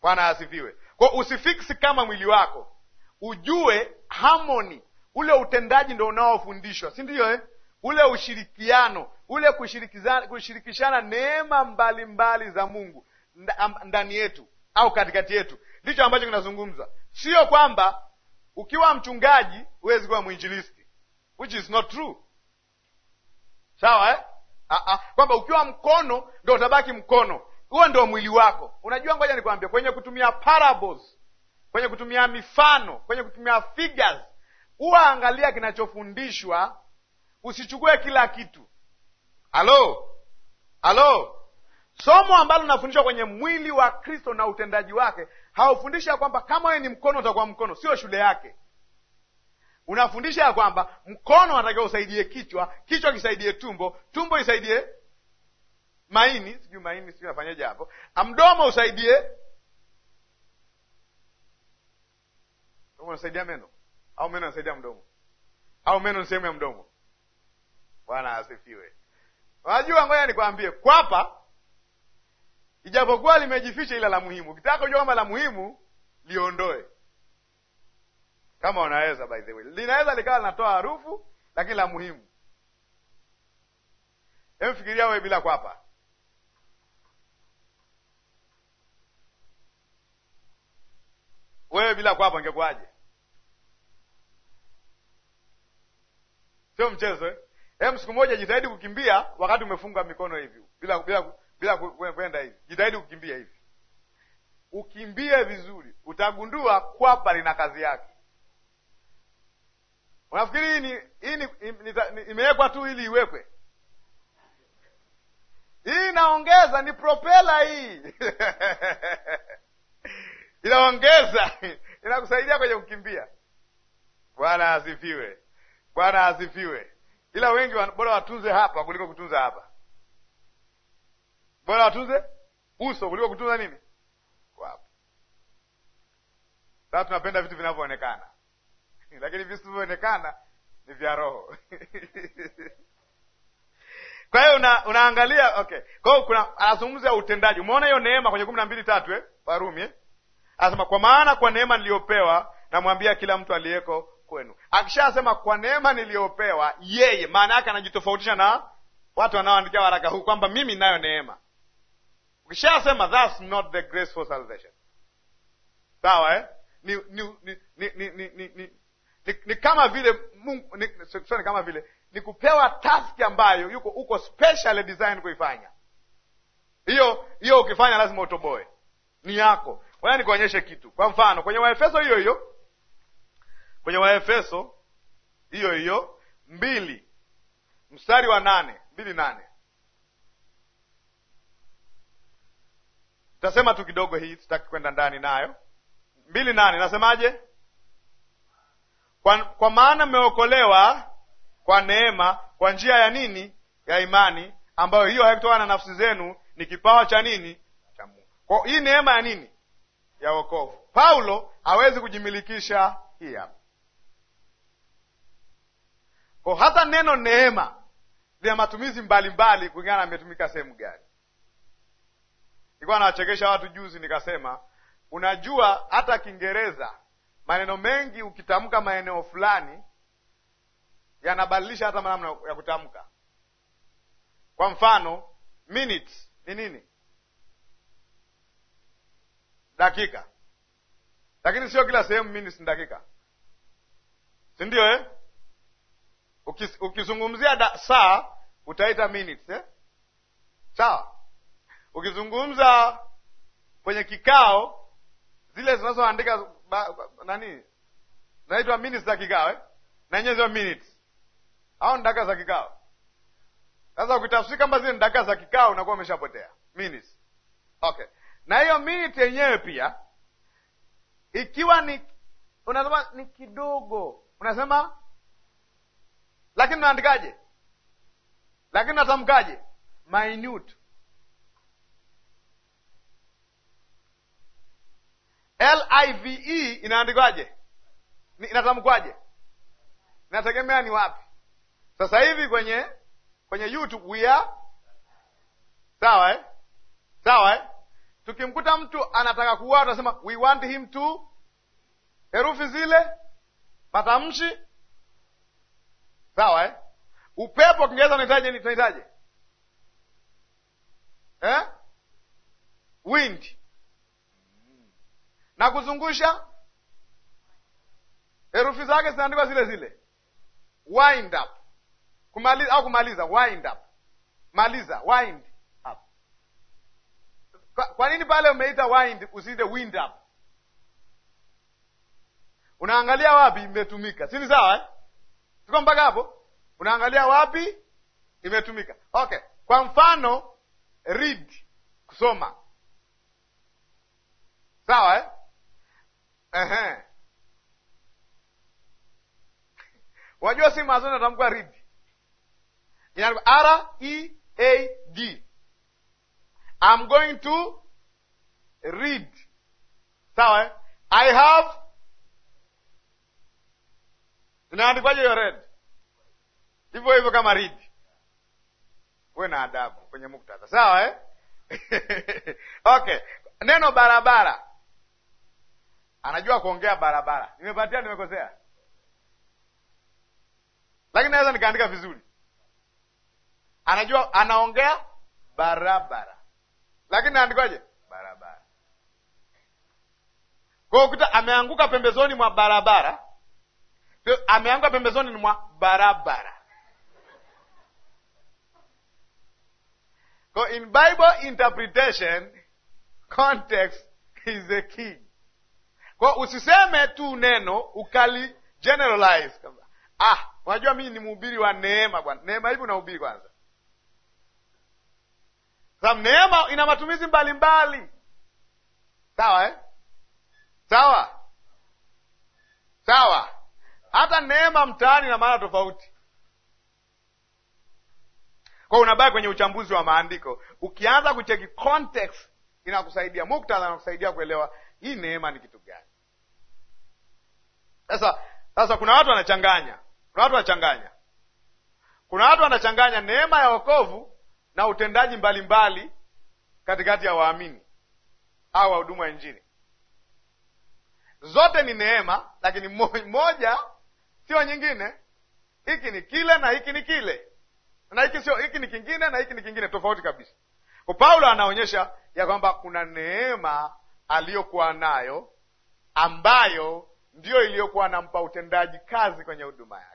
Bwana asifiwe. Kwa usifiksi kama mwili wako, ujue harmony, ule utendaji ndo unaofundishwa, si ndio eh? ule ushirikiano kule kushirikishana neema mbalimbali za Mungu ndani yetu au katikati yetu, ndicho ambacho kinazungumzwa. Sio kwamba ukiwa mchungaji huwezi kuwa mwinjilisti, which is not true. Sawa eh? Ah, ah. kwamba ukiwa mkono ndo utabaki mkono, huo ndo mwili wako. Unajua, ngoja nikwambia, kwenye kutumia parables, kwenye kutumia mifano, kwenye kutumia figures, huwa angalia kinachofundishwa, usichukue kila kitu. Halo, halo. Somo ambalo linafundishwa kwenye mwili wa Kristo na utendaji wake haufundishi ya kwamba kama wewe ni mkono utakuwa mkono, sio shule yake. Unafundisha ya kwamba mkono anatakiwa usaidie kichwa, kichwa kisaidie tumbo, tumbo isaidie maini, sijui maini, sijui nafanyaje hapo, ah, mdomo usaidie unasaidia meno au meno anasaidia mdomo au meno ni sehemu ya mdomo. Bwana asifiwe. Wajua, ngoja nikwambie, kwapa ijapokuwa limejificha, ila la muhimu. Ukitaka kujua kwamba la muhimu, liondoe kama unaweza. By the way, linaweza likawa linatoa harufu, lakini la muhimu. Emfikiria wewe bila kwapa wewe bila kwapa ngekwaje Sio mchezo eh? Hem, siku moja jitahidi kukimbia wakati umefunga mikono hivi bila bila bila kwenda hivi, jitahidi kukimbia hivi, ukimbie vizuri, utagundua kwapa lina kazi yake. Unafikiri hii ni hii ni, imewekwa tu ili iwekwe? Hii inaongeza, ni propela hii [laughs] inaongeza, inakusaidia kwenye kukimbia. Bwana asifiwe! Bwana asifiwe! ila wengi bora watunze hapa kuliko kutunza hapa, bora watunze uso kuliko kutunza nini hapa. Sasa tunapenda vitu vinavyoonekana, [laughs] lakini vitu vinavyoonekana ni vya roho [laughs] Kwa hiyo una, unaangalia okay. Kwa hiyo kuna anazungumza utendaji. Umeona hiyo neema kwenye kumi na mbili tatu eh? Warumi eh? Anasema kwa maana kwa neema niliyopewa namwambia kila mtu aliyeko kwenu. Akishasema kwa neema niliyopewa yeye, maana yake anajitofautisha na watu wanaoandikia waraka huu kwamba mimi nayo neema. Ukishasema that's not the grace for salvation, sawa eh? Ni ni ni ni ni ni, ni, ni, ni, ni kama vile Mungu ni, so, ni kama vile ni kupewa taski ambayo yuko uko special design kuifanya hiyo hiyo, ukifanya lazima utoboe, ni yako. Waya nikuonyeshe kitu. Kwa mfano kwenye Waefeso hiyo hiyo kwenye Waefeso hiyo hiyo mbili mstari wa nane mbili nane tasema tu kidogo hii, sitaki kwenda ndani nayo. mbili nane nasemaje? Kwa, kwa maana mmeokolewa kwa neema kwa njia ya nini? Ya imani, ambayo hiyo haikutokana na nafsi zenu, ni kipawa cha nini? Cha Mungu. Kwa hii neema ya nini? Ya wokovu. Paulo hawezi kujimilikisha hii hapa kwa hata neno neema lina matumizi mbalimbali kulingana na imetumika sehemu gani. Nilikuwa nawachekesha watu juzi, nikasema unajua, hata Kiingereza maneno mengi ukitamka maeneo fulani yanabadilisha hata namna ya kutamka. Kwa mfano minutes ni nini? Dakika, lakini sio kila sehemu minutes ni dakika, si ndio eh? Ukis, ukizungumzia da, saa utaita minutes eh? Sawa. Ukizungumza kwenye kikao zile zinazoandika nani zinaitwa minutes za kikao eh? na yenyewe zio minutes au ni dakika za kikao. Sasa ukitafsiri kama zile ni dakika za kikao unakuwa umeshapotea minutes. Okay, na hiyo minute yenyewe pia ikiwa ni unasema ni kidogo, unasema lakini naandikaje? Lakini natamkaje? minute live inaandikwaje? Inatamkwaje? nategemea ni wapi. Sasa hivi kwenye kwenye YouTube we are sawa eh? sawa eh? Tukimkuta mtu anataka kuwa tunasema we want him to, herufi zile matamshi sawa eh? Upepo Kiingereza unaitaje? tunahitaje eh? Wind na kuzungusha, herufi zake zinaandikwa zile zile, wind up kumaliza, au kumaliza, wind up, maliza, wind up. Kwa, kwa nini pale umeita wind usiite wind up? Unaangalia wapi imetumika, si ni sawa eh? Tuko mpaka hapo? Unaangalia wapi imetumika. Okay, kwa mfano read, kusoma, sawa eh? Ehe, [laughs] wajua si mazoni natamkwa read inaandikwa R E A D. I'm going to read, sawa eh? I have Inaandikwaje hiyo red? Hivyo hivyo kama ridi, uwe na adabu kwenye muktadha, sawa eh? [laughs] Okay, neno barabara, anajua kuongea barabara. Nimepatia, nimekosea, lakini naweza nikaandika vizuri. Anajua anaongea barabara, lakini naandikwaje barabara? Kwa ukuta ameanguka pembezoni mwa barabara Eh, ameanguka pembezoni mwa barabara. So in Bible interpretation context is the key. Kwa usiseme tu neno ukali generalize kama ah, unajua mimi ni mhubiri wa neema bwana. Neema hivi unahubiri kwanza. Sasa neema ina matumizi mbalimbali mbali. Sawa eh? Sawa. Sawa. Hata neema mtaani na maana tofauti. Kwa unabaki kwenye uchambuzi wa maandiko, ukianza kucheki context inakusaidia, muktadha inakusaidia kuelewa hii neema ni kitu gani. Sasa sasa, kuna watu wanachanganya, kuna watu wanachanganya, kuna watu wanachanganya neema ya wokovu na utendaji mbalimbali mbali katikati ya waamini au wahudumu wa Injili. Zote ni neema, lakini moja sio nyingine. Hiki ni kile na hiki ni kile na hiki sio hiki ni kingine na hiki ni kingine, tofauti kabisa. Kwa Paulo anaonyesha ya kwamba kuna neema aliyokuwa nayo ambayo ndiyo iliyokuwa nampa utendaji kazi kwenye huduma yake,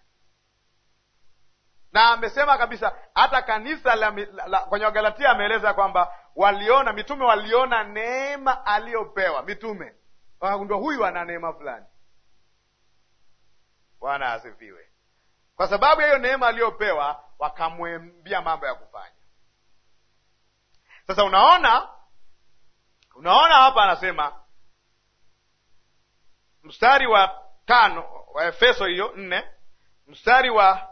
na amesema kabisa hata kanisa la, la, kwenye Wagalatia ameeleza kwamba waliona mitume waliona neema aliyopewa mitume, wakagundua huyu ana neema fulani Bwana asifiwe. Kwa sababu ya hiyo neema aliyopewa, wakamwambia mambo ya kufanya. Sasa unaona, unaona hapa anasema mstari wa tano wa Efeso hiyo nne mstari wa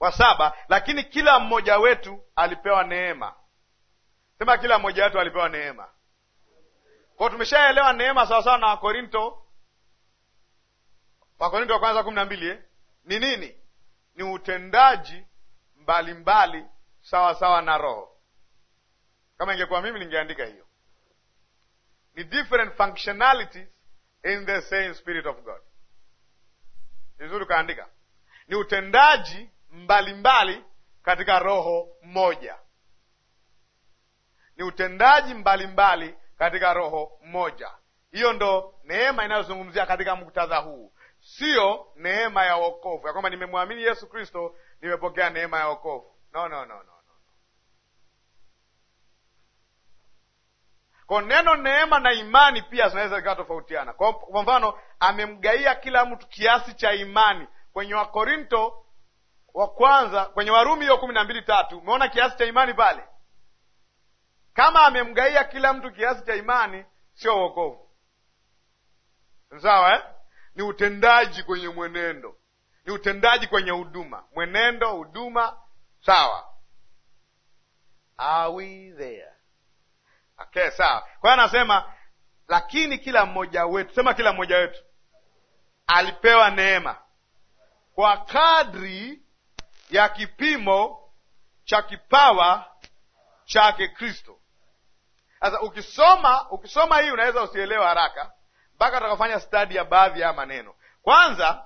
wa saba lakini kila mmoja wetu alipewa neema. Sema kila mmoja wetu alipewa neema. Kwao tumeshaelewa neema sawasawa na Wakorinto korinto wa kwanza kumi na mbili eh? ni nini? Ni utendaji mbalimbali sawasawa na Roho. Kama ingekuwa mimi ningeandika hiyo, ni different functionalities in the same spirit of God. Vizuri, ukaandika ni utendaji mbalimbali mbali katika roho moja, ni utendaji mbalimbali mbali katika roho moja. Hiyo ndo neema inayozungumzia katika muktadha huu siyo neema ya wokovu, ya kwamba nimemwamini Yesu Kristo nimepokea neema ya wokovu. No, no, no, no. ko neno neema na imani pia zinaweza zikawa tofautiana. Kwa mfano, amemgaia kila mtu kiasi cha imani kwenye Wakorinto wa kwanza, kwenye Warumi hiyo kumi na mbili tatu umeona kiasi cha imani pale. Kama amemgaia kila mtu kiasi cha imani, sio wokovu, sawa eh? ni utendaji kwenye mwenendo, ni utendaji kwenye huduma, mwenendo, huduma. Sawa, are we there? Okay, sawa. Kwa hiyo anasema lakini kila mmoja wetu, sema kila mmoja wetu alipewa neema kwa kadri ya kipimo cha kipawa chake Kristo. Sasa ukisoma ukisoma hii unaweza usielewe haraka, mpaka tutakafanya stadi ya baadhi ya maneno. Kwanza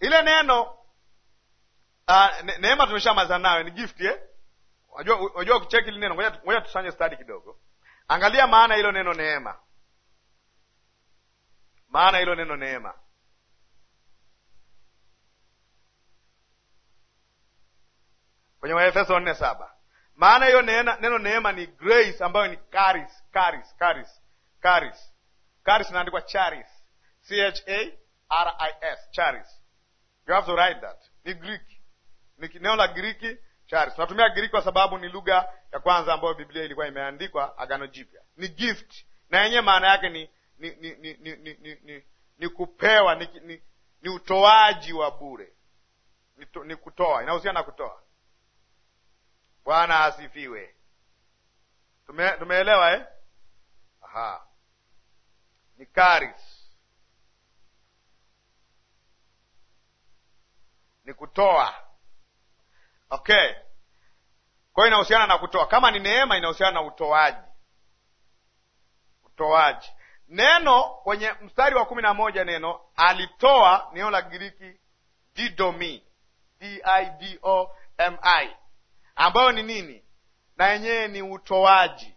ile neno uh, ne, neema tumeshamaliza nayo, ni gift eh? Unajua, unajua kucheki ile neno, ngoja tusanye stadi kidogo. Angalia maana hilo neno neema, maana hilo neno neema kwenye Waefeso nne saba maana hiyo neno neema ni grace ambayo ni charis, charis, charis, charis Charis inaandikwa charis, C H A R I S, charis. You have to write that. Ni Greek, ni neno la Greek charis. Tunatumia Griki kwa sababu ni lugha ya kwanza ambayo Biblia ilikuwa imeandikwa Agano Jipya. Ni gift na yenyewe maana yake ni ni ni ni ni, ni, ni, ni, ni kupewa ni, ni, ni utoaji wa bure ni, ni kutoa, inahusiana na kutoa. Bwana asifiwe. Tume, tumeelewa eh? Aha. Nikaris ni kutoa. Okay, kwa hiyo inahusiana na kutoa. Kama ni neema, inahusiana na utoaji. Utoaji neno kwenye mstari wa kumi na moja neno alitoa, neno la Kigiriki didomi, D-I-D-O-M-I, ambayo ni nini? Na yenyewe ni utoaji,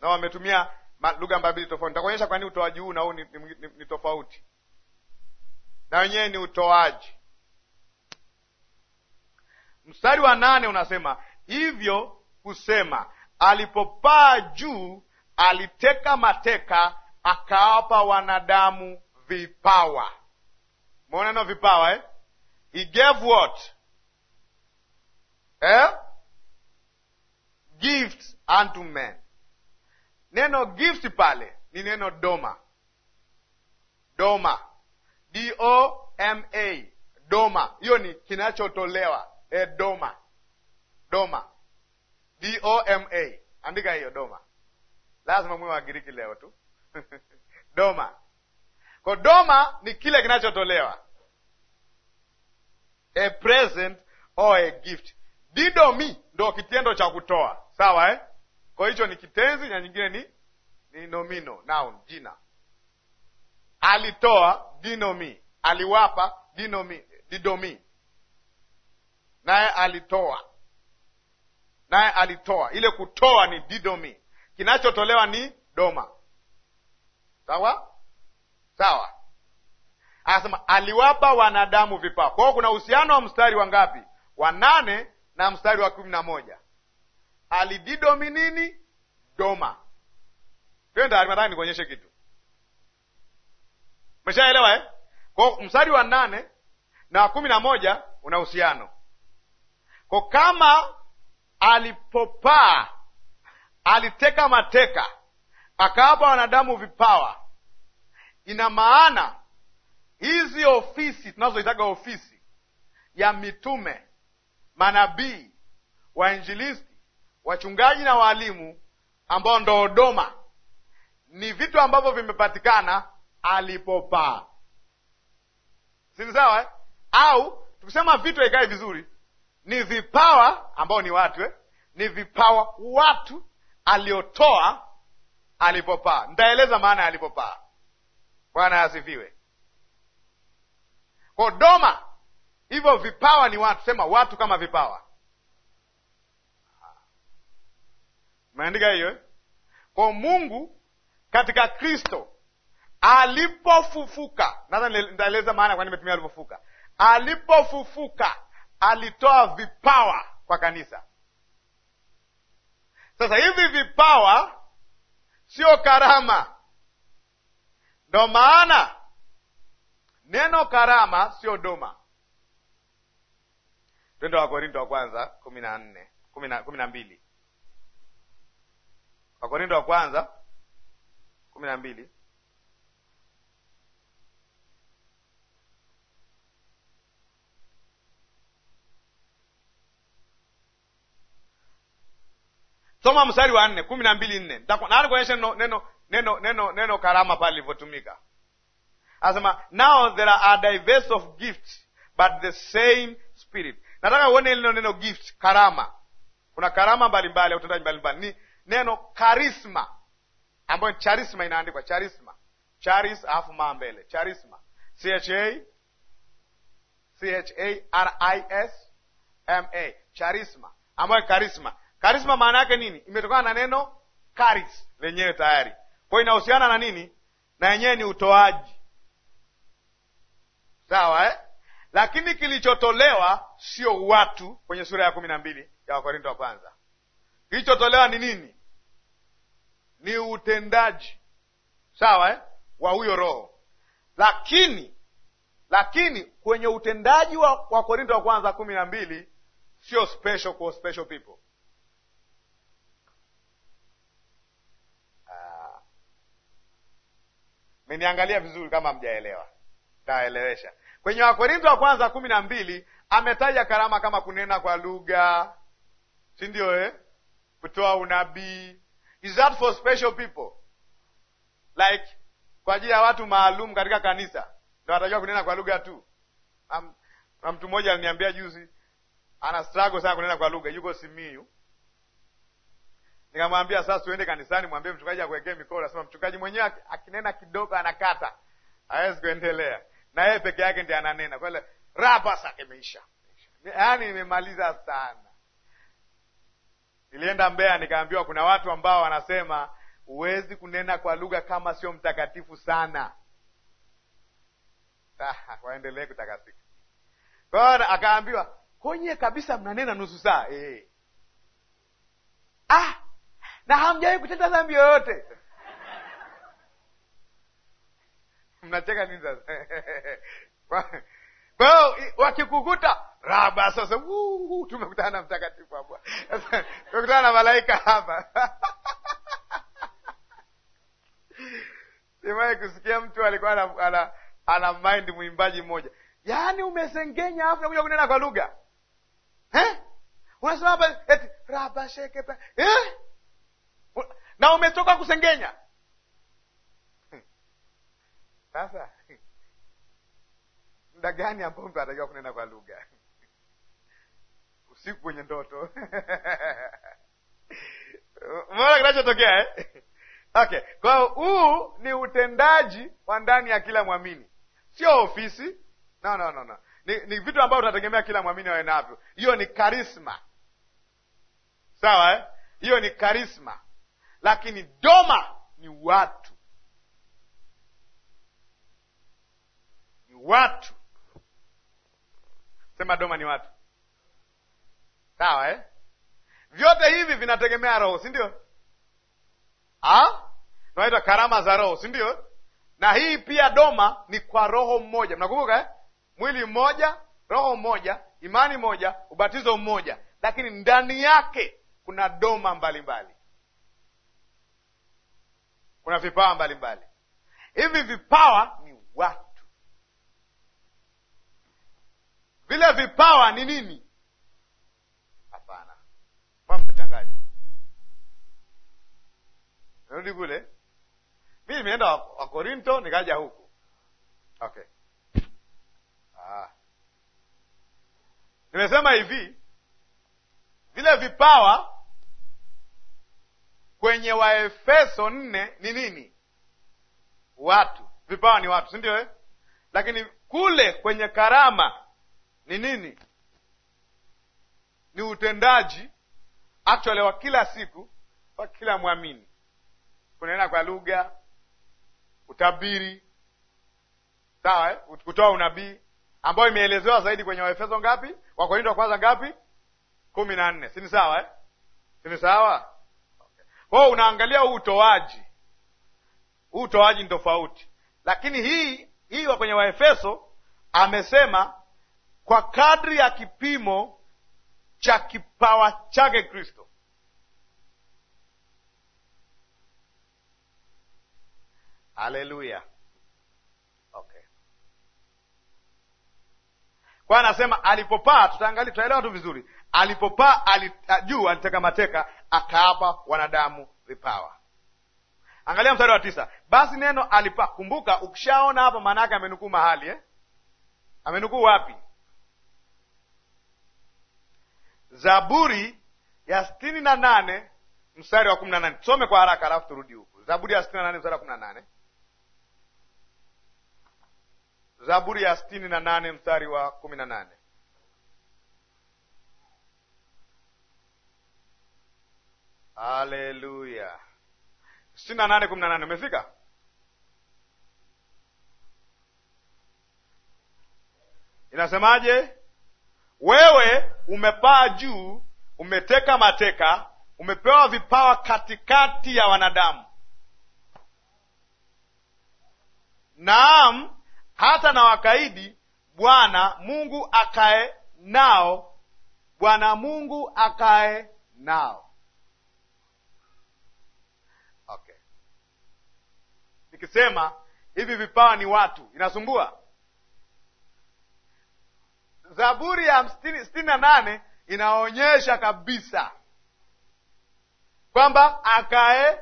na wametumia lugha mbaya mbili tofauti. Nitakuonyesha kwa nini utoaji huu na huu ni, ni, ni, ni tofauti, na wenyewe ni utoaji. Mstari wa nane unasema hivyo kusema, alipopaa juu aliteka mateka, akawapa wanadamu vipawa. Umeona neno vipawa eh? He gave what eh? gifts unto men Neno gift pale ni neno doma, doma, doma doma. Hiyo ni kinachotolewa e, doma, doma, doma Andika hiyo doma, lazima mwe Wagiriki leo tu [laughs] doma. ko doma ni kile kinachotolewa, a present or a gift. Didomi ndo kitendo cha kutoa, sawa eh? Kwa hicho ni kitenzi na nyingine ni ni nomino noun, jina. Alitoa dinomi, aliwapa dinomi, didomi, naye alitoa, naye alitoa. Ile kutoa ni didomi, kinachotolewa ni doma. Sawa sawa, anasema aliwapa wanadamu vipawa. Kwa hiyo kuna uhusiano wa mstari wa ngapi? Wa nane na mstari wa kumi na moja alididominini doma. Twende nataka nikuonyeshe kitu, umeshaelewa eh? Kwa mstari wa nane na wa kumi na moja una uhusiano kwa kama alipopaa aliteka mateka akawapa wanadamu vipawa. Ina maana hizi ofisi tunazoitaga ofisi ya mitume, manabii, wainjilisti wachungaji na waalimu ambao ndo odoma ni vitu ambavyo vimepatikana alipopaa, sini sawa eh? Au tukisema vitu haikae vizuri, ni vipawa ambao ni watu eh? ni vipawa watu aliotoa alipopaa. Ntaeleza maana ya alipopaa. Bwana asifiwe. Kwa doma, hivyo vipawa ni watu, sema watu kama vipawa Umeandika hiyo eh? Kwa Mungu katika Kristo alipofufuka, sasa nitaeleza maana kwani nimetumia alipofufuka. Alipofufuka alitoa vipawa kwa kanisa. Sasa hivi vipawa sio karama, ndo maana neno karama sio doma. Twende Wakorinto wa kwanza kumi na nne kumi na mbili Wakorintho wa kwanza kumi na mbili soma mstari wa nne kumi na mbili nne nani kuonyesha neno neno neno neno karama pale ilivyotumika. Anasema now there are diverse of gifts but the same spirit. Nataka uone lino neno gift, karama. Kuna karama mbalimbali au utendaji mbalimbali, ni neno karisma ambayo charisma, inaandikwa charisma, charis alafu maa mbele, charisma, cha h charisma ambayo karisma. Karisma maana yake nini? Imetokana na neno karis lenyewe tayari, kwao inahusiana na nini? Na yenyewe ni utoaji, sawa eh? Lakini kilichotolewa sio watu, kwenye sura ya kumi na mbili ya Wakorinto wa kwanza kilichotolewa ni nini? ni utendaji sawa eh? wa huyo roho lakini lakini kwenye utendaji wa Wakorinto wa kwanza kumi na mbili sio special kwa special people ah. Meniangalia vizuri kama mjaelewa, taelewesha kwenye Wakorinto wa kwanza kumi na mbili ametaja karama kama kunena kwa lugha, si ndio eh? kutoa unabii Is that for special people? Like kwa ajili ya watu maalum katika kanisa ndo anatakiwa kunena kwa lugha tu. Na mtu mmoja aliniambia juzi ana struggle sana kunena kwa lugha, yuko Simiyu. Nikamwambia sasa tuende kanisani, mwambie mchungaji akuwekee mikono. Anasema mchungaji mwenyewe akinena kidogo anakata, hawezi kuendelea, na yeye peke yake ndi ananena. Kwa hiyo rapa sake imeisha, yaani imemaliza sana. Nilienda Mbeya nikaambiwa kuna watu ambao wanasema huwezi kunena kwa lugha kama sio mtakatifu sana. Ah, waendelee kutakasika kwayo. Akaambiwa konye kabisa, mnanena nusu saa e. Ah, na hamjawahi kutenda dhambi yoyote [laughs] mnacheka nini sasa? [laughs] Kwa hiyo wakikukuta raba sasa, tumekutana na mtakatifu hapa, tumekutana na malaika hapa. Simaye [laughs] kusikia mtu alikuwa ana, ana, ana mind mwimbaji mmoja, yaani umesengenya afu nakuja kunena kwa lugha eh? Unasema hapa eti raba sheke eh? na umetoka kusengenya [laughs] sasa muda gani ambao mtu anatakiwa kunena kwa lugha? Usiku kwenye ndoto. [laughs] mona kinachotokea eh? Okay, kwa huu ni utendaji wa ndani ya kila mwamini, sio ofisi. No, no, no, no. Ni, ni vitu ambavyo tunategemea kila mwamini awe navyo. Hiyo ni karisma, sawa eh? Hiyo ni karisma, lakini doma ni watu, ni watu Sema doma ni watu sawa, eh? Vyote hivi vinategemea roho, si ndio? tunaita karama za roho, si ndio? Na hii pia doma ni kwa roho mmoja, mnakumbuka eh? Mwili mmoja, roho mmoja, imani moja, ubatizo mmoja, lakini ndani yake kuna doma mbalimbali mbali. Kuna vipawa mbalimbali Hivi vipawa ni watu vile vipawa ni nini? Hapana, mtachanganya. Narudi kule, mi nimeenda Wakorinto nikaja huku, okay. Ah, nimesema hivi vile vipawa kwenye Waefeso nne ni nini? Watu, vipawa ni watu, si ndio eh? Lakini kule kwenye karama ni nini? Ni utendaji actually wa kila siku wa kila mwamini, kunena kwa lugha, utabiri, sawa, eh? kutoa unabii, ambayo imeelezewa zaidi kwenye Waefeso ngapi, Wakorinto wa kwanza ngapi, kumi na nne, sini sawa eh? sini sawa kwao, okay. Unaangalia huu utoaji, huu utoaji ni tofauti, lakini hii hii wa kwenye Waefeso amesema kwa kadri ya kipimo cha kipawa chake Kristo. Haleluya! Okay, kwa anasema alipopaa, tutaangalia, tutaelewa tu vizuri. Alipopaa juu mateka akaapa wanadamu vipawa. Angalia mstari wa tisa. Basi neno alipaa, kumbuka, ukishaona hapa maana yake amenukuu mahali eh? amenukuu wapi? Zaburi ya sitini na nane mstari wa kumi na nane Tusome kwa haraka alafu turudi huku. Zaburi ya sitini na nane mstari wa kumi na nane Zaburi ya sitini na nane mstari wa kumi na nane Aleluya, sitini na nane kumi na nane umefika? Inasemaje? Wewe umepaa juu, umeteka mateka, umepewa vipawa katikati ya wanadamu. Naam, hata na wakaidi Bwana Mungu akae nao, Bwana Mungu akae nao. Okay, nikisema hivi vipawa ni watu inasumbua Zaburi ya sitini na nane inaonyesha kabisa kwamba akae.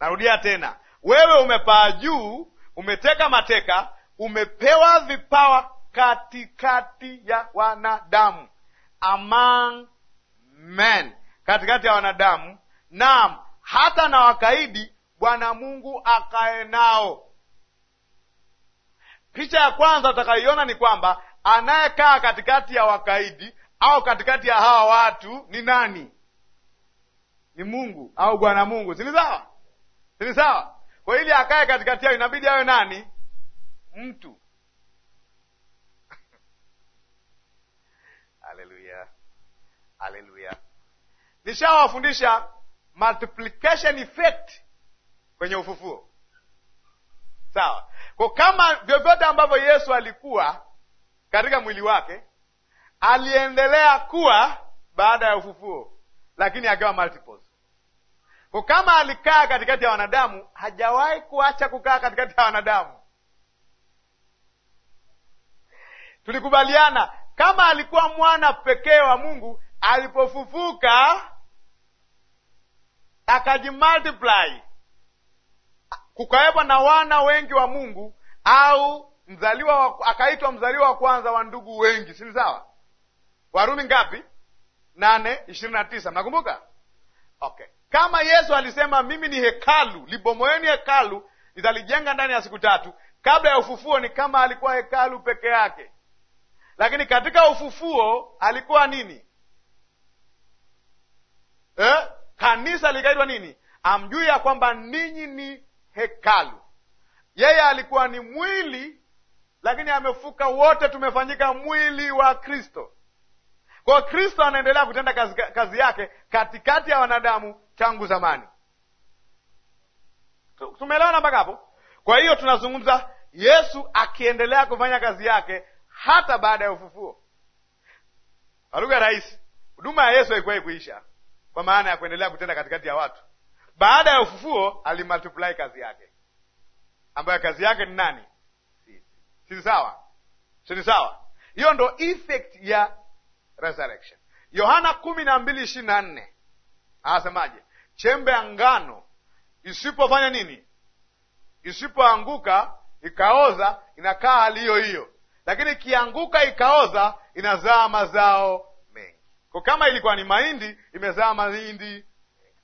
Narudia tena, wewe umepaa juu, umeteka mateka, umepewa vipawa katikati ya wanadamu, among men, katikati ya wanadamu, naam, hata na wakaidi Bwana Mungu akae nao. Picha ya kwanza utakayoiona ni kwamba anayekaa katikati ya wakaidi au katikati ya hawa watu ni nani? Ni Mungu au Bwana Mungu, si ni sawa? Si ni sawa? Kwa ili akae katikati yao inabidi awe nani? Mtu. [laughs] Haleluya, haleluya. Nishawafundisha multiplication effect kwenye ufufuo, sawa? Kwa kama vyovyote ambavyo Yesu alikuwa katika mwili wake, aliendelea kuwa baada ya ufufuo, lakini akawa multiples. Kwa kama alikaa katikati ya wanadamu, hajawahi kuacha kukaa katikati ya wanadamu. Tulikubaliana kama alikuwa mwana pekee wa Mungu, alipofufuka akajimultiply kukawepo na wana wengi wa Mungu au mzaliwa akaitwa mzaliwa wa kwanza wa ndugu wengi, si sawa? Warumi ngapi? nane ishirini na tisa. Mnakumbuka? Okay, kama Yesu alisema mimi ni hekalu, libomoeni hekalu, nitalijenga ndani ya siku tatu, kabla ya ufufuo ni kama alikuwa hekalu peke yake, lakini katika ufufuo alikuwa nini? Eh, kanisa likaitwa nini? Amjui ya kwamba ninyi ni hekalu. Yeye alikuwa ni mwili, lakini amefuka wote, tumefanyika mwili wa Kristo. Kwa Kristo anaendelea kutenda kazi, kazi yake katikati ya wanadamu tangu zamani. Tumeelewana mpaka hapo? Kwa hiyo tunazungumza Yesu akiendelea kufanya kazi yake hata baada ya ufufuo. Kwa lugha rahisi, huduma ya Yesu haikuwahi kuisha, kwa maana ya kuendelea kutenda katikati ya watu. Baada ya ufufuo alimultiply kazi yake, ambayo kazi yake ni nani? Sisi sawa, sisi sawa. Hiyo ndo effect ya resurrection. Yohana kumi na mbili ishirini na nne anasemaje? Chembe ya ngano isipofanya nini? Isipoanguka ikaoza inakaa hali hiyo hiyo, lakini ikianguka ikaoza inazaa mazao mengi. Kwa kama ilikuwa ni mahindi, imezaa mahindi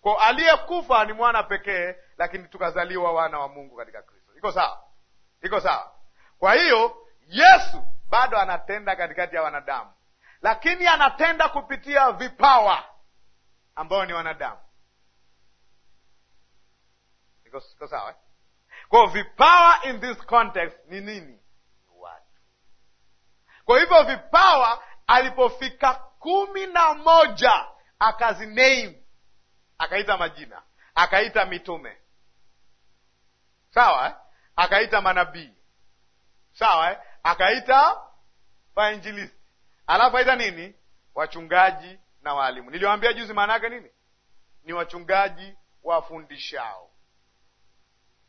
kwa aliyekufa ni mwana pekee, lakini tukazaliwa wana wa Mungu katika Kristo. Iko sawa? Iko sawa? Kwa hiyo Yesu bado anatenda katikati ya wanadamu, lakini anatenda kupitia vipawa ambao ni wanadamu. Iko sawa eh? Kwa vipawa in this context ni nini? Ni watu. Kwa hivyo vipawa, alipofika kumi na moja akaziname akaita majina, akaita mitume, sawa eh? Akaita manabii, sawa eh? Akaita wainjilisti, alafu aita nini, wachungaji na waalimu. Niliwaambia juzi, maana yake nini? Ni wachungaji wafundishao.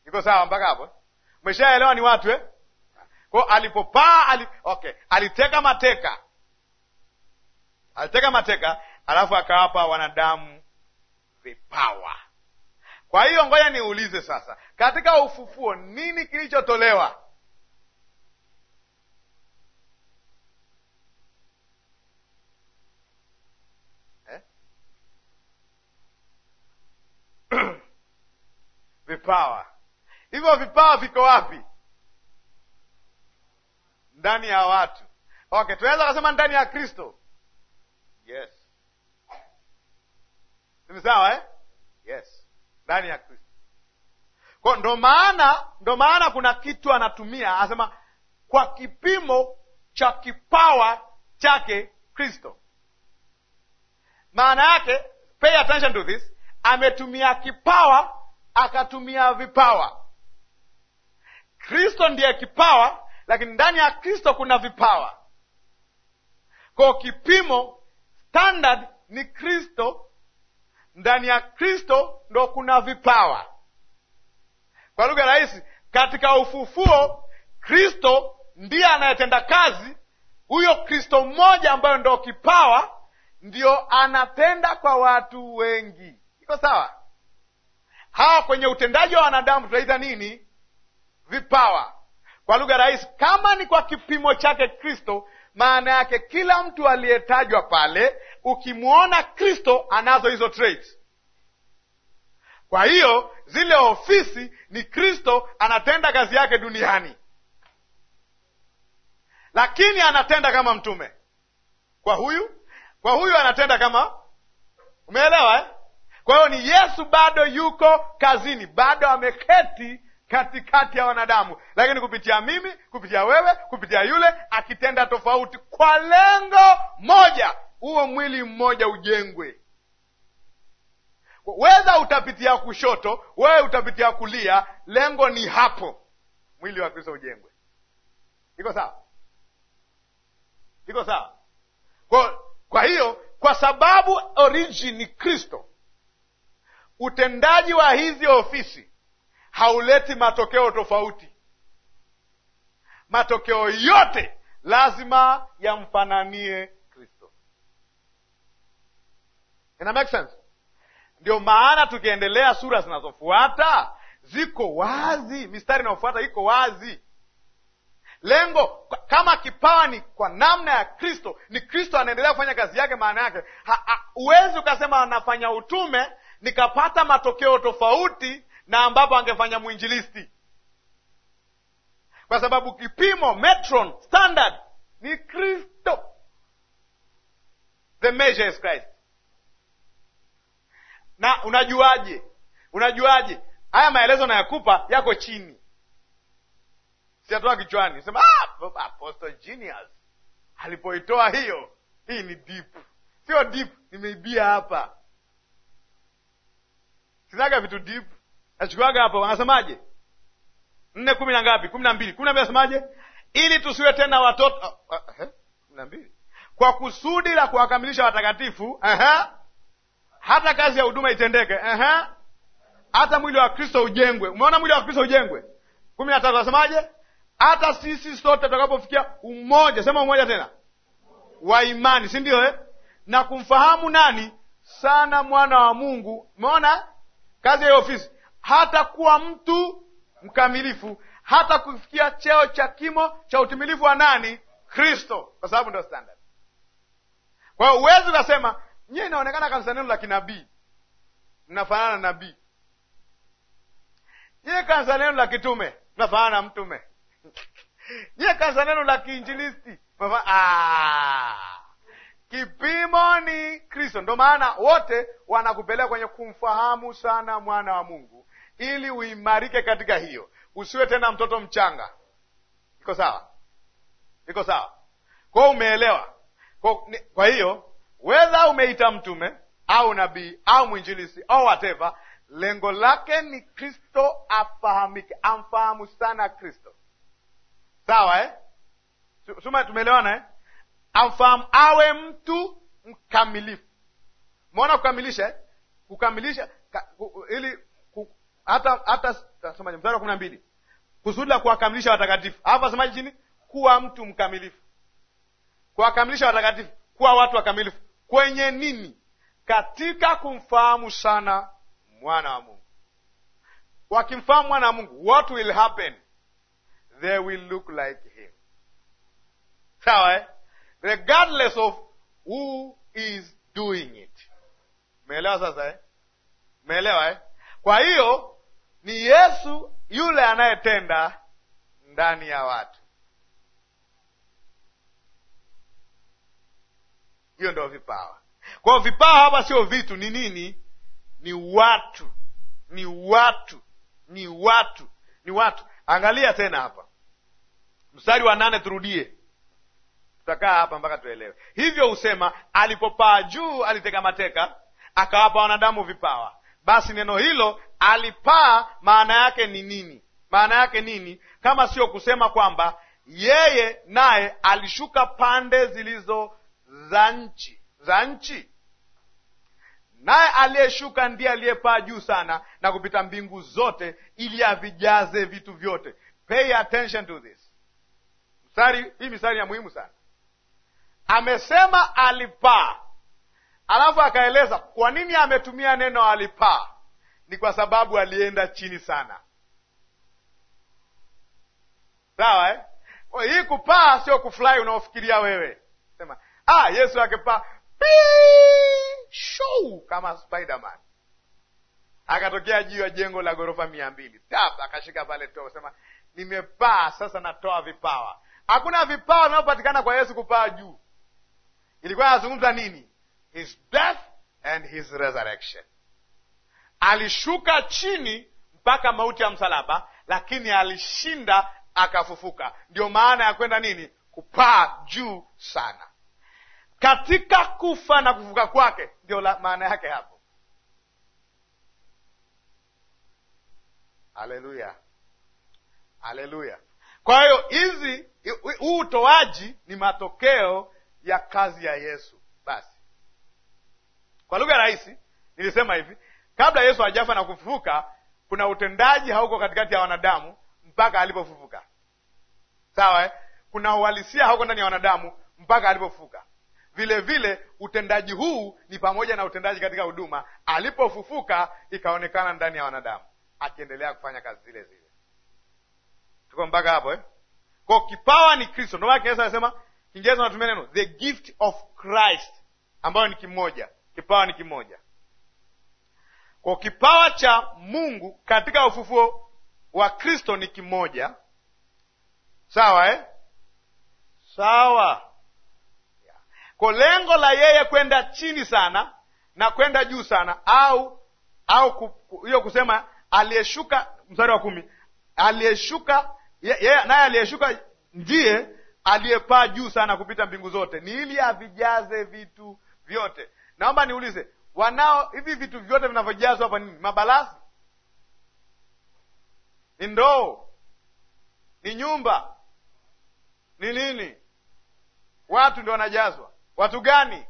Iko sawa mpaka hapo? Eh? Meshaelewa ni watu eh? Kwa alipopaa ali, okay, aliteka mateka, aliteka mateka, alafu akawapa wanadamu kwa hiyo ngoja niulize sasa, katika ufufuo nini kilichotolewa? Eh? [clears throat] Vipawa hivyo, vipawa viko wapi? Ndani ya watu. Okay, tunaweza kusema ndani ya Kristo. Yes, ni sawa eh? Yes ndani ya Kristo. Kwa ndo maana ndo maana kuna kitu anatumia anasema, kwa kipimo cha kipawa chake Kristo. Maana yake, pay attention to this, ametumia kipawa akatumia vipawa. Kristo ndiye kipawa, lakini ndani ya Kristo kuna vipawa. Kwa kipimo standard ni Kristo ndani ya Kristo ndo kuna vipawa. Kwa lugha rahisi, katika ufufuo Kristo ndiye anayetenda kazi. Huyo Kristo mmoja ambayo ndo kipawa, ndio anatenda kwa watu wengi. Iko sawa? Hawa kwenye utendaji wa wanadamu tunaita nini? Vipawa. Kwa lugha rahisi, kama ni kwa kipimo chake Kristo maana yake kila mtu aliyetajwa pale, ukimwona Kristo anazo hizo traits. Kwa hiyo zile ofisi ni Kristo anatenda kazi yake duniani, lakini anatenda kama mtume kwa huyu, kwa huyu anatenda kama, umeelewa eh? Kwa hiyo ni Yesu bado yuko kazini, bado ameketi katikati ya wanadamu, lakini kupitia mimi, kupitia wewe, kupitia yule, akitenda tofauti kwa lengo moja, huo mwili mmoja ujengwe. Wedha utapitia kushoto, wewe utapitia kulia, lengo ni hapo, mwili wa Kristo ujengwe. Iko sawa? Iko sawa? Kwa, kwa hiyo kwa sababu origin ni Kristo, utendaji wa hizi ofisi hauleti matokeo tofauti. Matokeo yote lazima yamfananie Kristo. Ina make sense? Ndio maana tukiendelea, sura zinazofuata ziko wazi, mistari inayofuata iko wazi. Lengo kama kipawa ni kwa namna ya Kristo, ni Kristo anaendelea kufanya kazi yake. Maana yake huwezi ukasema anafanya utume nikapata matokeo tofauti na ambapo angefanya mwinjilisti, kwa sababu kipimo metron standard ni Kristo, the measure is Christ. Na unajuaje? Unajuaje? haya maelezo nayakupa yako chini, siatoa kichwani, sema ah, Apostle Genius alipoitoa hiyo. Hii ni deep, sio deep nimeibia hapa, sinaga vitu deep achukuaga hapo, anasemaje? nne kumi na ngapi? kumi na mbili, kumi na mbili, anasemaje? ili tusiwe tena watoto ah, ah, eh, kumi na mbili, kwa kusudi la kuwakamilisha watakatifu uh hata kazi ya huduma itendeke uh hata mwili wa Kristo ujengwe. Umeona, mwili wa Kristo ujengwe. kumi na tatu, anasemaje? hata sisi sote tutakapofikia umoja, sema umoja tena wa imani, si ndio eh? na kumfahamu nani sana mwana wa Mungu. Umeona kazi ya ofisi hata kuwa mtu mkamilifu, hata kufikia cheo cha kimo cha utimilifu wa nani? Kristo, kwa sababu ndio standard. Kwa hiyo uwezi ukasema nyie, inaonekana kanisa neno la kinabii mnafanana na nabii, nyie kanisa neno la kitume mnafanana na mtume [laughs] nyie kanisa neno la kiinjilisti ah. kipimo ni Kristo. Ndo maana wote wanakupeleka kwenye kumfahamu sana mwana wa Mungu ili uimarike katika hiyo, usiwe tena mtoto mchanga. Iko sawa? Iko sawa? Kwao umeelewa? Kwa hiyo wedha umeita mtume au nabii au mwinjilisi au whatever, lengo lake ni Kristo afahamike, amfahamu sana Kristo. Sawa eh? Suma, tumeelewana eh? Amfahamu, awe mtu mkamilifu. Umeona kukamilisha eh? Kukamilisha ka, ku, ili hata hata nasemaje, mstari wa kumi na mbili kusudi la kuwakamilisha watakatifu. hapa asemaje chini? Kuwa mtu mkamilifu, kuwakamilisha watakatifu, kuwa watu wakamilifu kwenye nini? Katika kumfahamu sana mwana wa Mungu. Wakimfahamu mwana wa Mungu, what will happen? They will look like him. Sawa eh? Regardless of who is doing it. Umeelewa sasa eh? Umeelewa eh? Kwa hiyo ni Yesu yule anayetenda ndani ya watu. Hiyo ndio vipawa. Kwa hiyo vipawa hapa sio vitu, ni nini? Ni watu, ni watu, ni watu, ni watu. Angalia tena hapa mstari wa nane, turudie tutakaa hapa mpaka tuelewe. Hivyo husema, alipopaa juu, aliteka mateka, akawapa wanadamu vipawa basi neno hilo alipaa, maana yake ni nini? Maana yake nini, kama sio kusema kwamba yeye naye alishuka pande zilizo za nchi za nchi, naye aliyeshuka ndiye aliyepaa juu sana na kupita mbingu zote, ili avijaze vitu vyote. Pay attention to this mstari, hii mistari ya muhimu sana. Amesema alipaa alafu akaeleza kwa nini ametumia neno alipaa. Ni kwa sababu alienda chini sana, sawa eh? Oh, hii kupaa sio kufurahi unaofikiria wewe. Sema ah, Yesu akipaa show kama Spiderman akatokea juu ya jengo la ghorofa mia mbili tap akashika pale to sema nimepaa sasa, natoa vipawa. Hakuna vipawa vinavyopatikana kwa Yesu kupaa juu. Ilikuwa anazungumza nini? his death and his resurrection. Alishuka chini mpaka mauti ya msalaba, lakini alishinda akafufuka. Ndio maana ya kwenda nini? Kupaa juu sana katika kufa na kufuka kwake, ndio maana yake hapo. Haleluya, haleluya. Kwa hiyo hizi huu utoaji ni matokeo ya kazi ya Yesu. Kwa lugha rahisi nilisema hivi, kabla Yesu ajafa na kufufuka, kuna utendaji hauko katikati ya wanadamu mpaka alipofufuka. Sawa eh? Kuna uhalisia hauko ndani ya wanadamu mpaka alipofufuka. Vile vile utendaji huu ni pamoja na utendaji katika huduma. Alipofufuka ikaonekana ndani ya wanadamu, akiendelea kufanya kazi zile zile. Tuko mpaka hapo eh? ko kipawa ni Kristo. Ndio maana Kiingereza anasema, Kiingereza anatumia neno the gift of Christ ambayo ni kimoja kipawa ni kimoja, kwa kipawa cha Mungu katika ufufuo wa Kristo ni kimoja, sawa eh? Sawa. Kwa lengo la yeye kwenda chini sana na kwenda juu sana, au au hiyo kusema aliyeshuka, mstari wa kumi, aliyeshuka yeye naye aliyeshuka ndiye aliyepaa juu sana kupita mbingu zote, ni ili avijaze vitu vyote. Naomba niulize, wanao hivi vitu vyote vinavyojazwa hapa nini? Mabalasi ni ndoo ni nyumba ni nini? Watu ndio wanajazwa. Watu gani?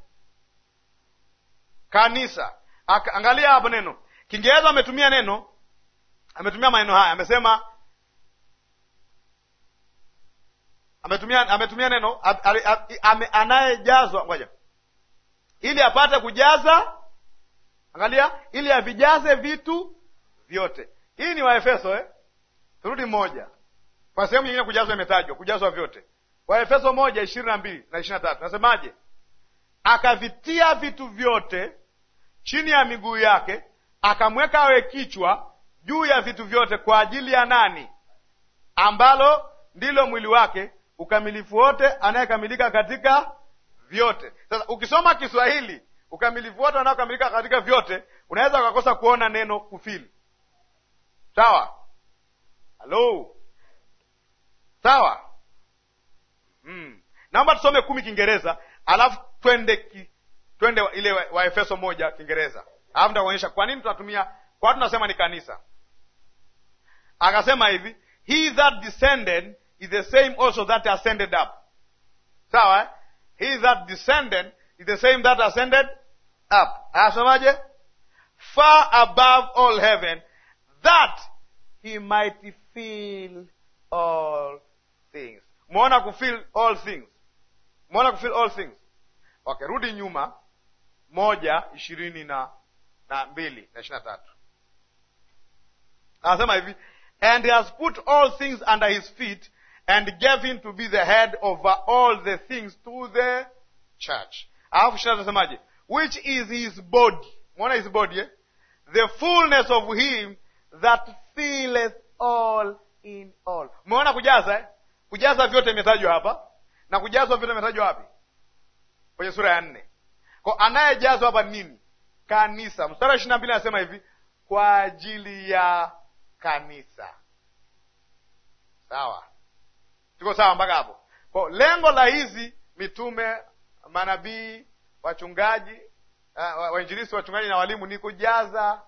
Kanisa. Aka, angalia hapo neno Kiingereza ametumia neno, ametumia maneno haya, amesema ametumia, ametumia neno anayejazwa, ngoja ili apate kujaza, angalia, ili avijaze vitu vyote. Hii ni Waefeso eh? turudi moja kwa sehemu nyingine, kujazwa imetajwa, kujazwa vyote. Waefeso moja ishirini na mbili na ishirini na tatu nasemaje? Akavitia vitu vyote chini ya miguu yake, akamweka awe kichwa juu ya vitu vyote, kwa ajili ya nani? Ambalo ndilo mwili wake, ukamilifu wote, anayekamilika katika vyote. Sasa ukisoma Kiswahili ukamilifu wote wanaokamilika katika vyote, unaweza ukakosa kuona neno kufili. Sawa, halo, sawa. Mm. Naomba tusome kumi Kiingereza alafu twende ki, twende ile Waefeso wa moja Kiingereza alafu nitakuonyesha kwa nini tunatumia kwa tunasema ni kanisa. Akasema hivi, he that descended is the same also that ascended up. Sawa eh? He that descended is the same that ascended up. Anasemaje? Far above all heaven, that he might fill all things. Mwona kufill all things, mwona kufill all things. Okay, rudi nyuma moja ishirini na na mbili na ishirini na tatu anasema hivi and he has put all things under his feet and gave him to be the head over all the things to the church. Alafu shina tasemaje? Which is his body. Mwona his body eh? The fullness of him that filleth all in all. Umeona kujaza eh? Kujaza vyote imetajwa hapa na kujazwa vyote imetajwa wapi? Kwenye sura ya nne. Kwa anayejazwa hapa nini? Kanisa. Mstari wa ishirini na mbili anasema hivi kwa ajili ya kanisa. Sawa? tuko sawa mpaka hapo? Kwa lengo la hizi mitume, manabii, wachungaji, uh, eh, wainjilisi wachungaji na walimu ni kujaza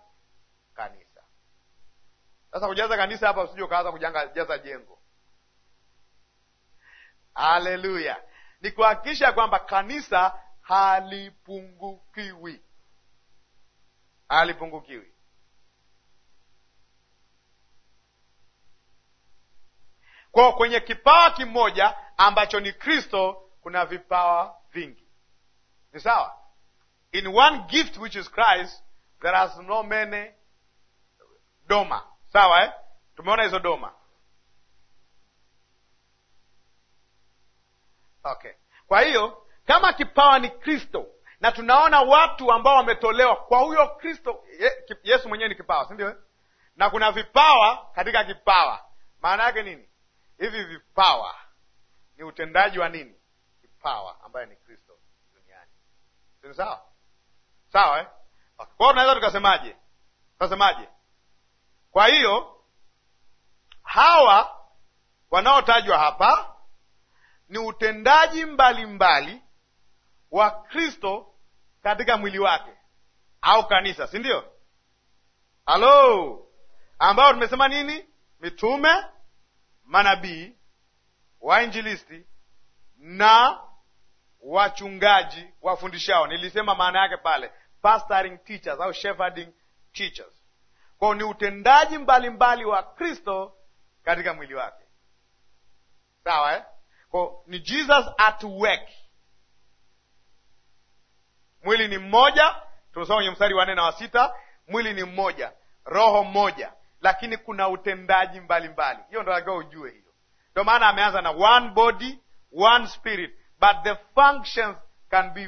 kanisa. Sasa kujaza kanisa hapa, usije ukaanza kujaza jengo. Haleluya! ni kuhakikisha kwamba kanisa halipungukiwi, halipungukiwi. kwa kwenye kipawa kimoja ambacho ni Kristo kuna vipawa vingi, ni sawa? In one gift which is Christ there has no many doma, sawa eh? Tumeona hizo doma, okay. Kwa hiyo kama kipawa ni Kristo na tunaona watu ambao wametolewa kwa huyo Kristo, Yesu mwenyewe ni kipawa, si eh? Na kuna vipawa katika kipawa, maana yake nini? Hivi vipawa ni utendaji wa nini? Kipawa ambaye ni Kristo duniani, sini sawa sawa eh? okay. kwao tunaweza tukasemaje, tukasemaje? Kwa hiyo hawa wanaotajwa hapa ni utendaji mbalimbali wa Kristo katika mwili wake au kanisa, si ndio? Halo, ambao tumesema nini? Mitume, manabii, wainjilisti na wachungaji wafundishao. Nilisema maana yake pale, pastoring teachers au shepherding teachers, kwao ni utendaji mbalimbali mbali wa Kristo katika mwili wake. Sawa eh? Kwao ni Jesus at work. Mwili ni mmoja, tunasoma kwenye mstari wa nne na wa sita, mwili ni mmoja, roho mmoja lakini kuna utendaji mbalimbali. Hiyo ndo takiwa ujue hiyo. Ndio maana ameanza na one body one spirit but the functions can be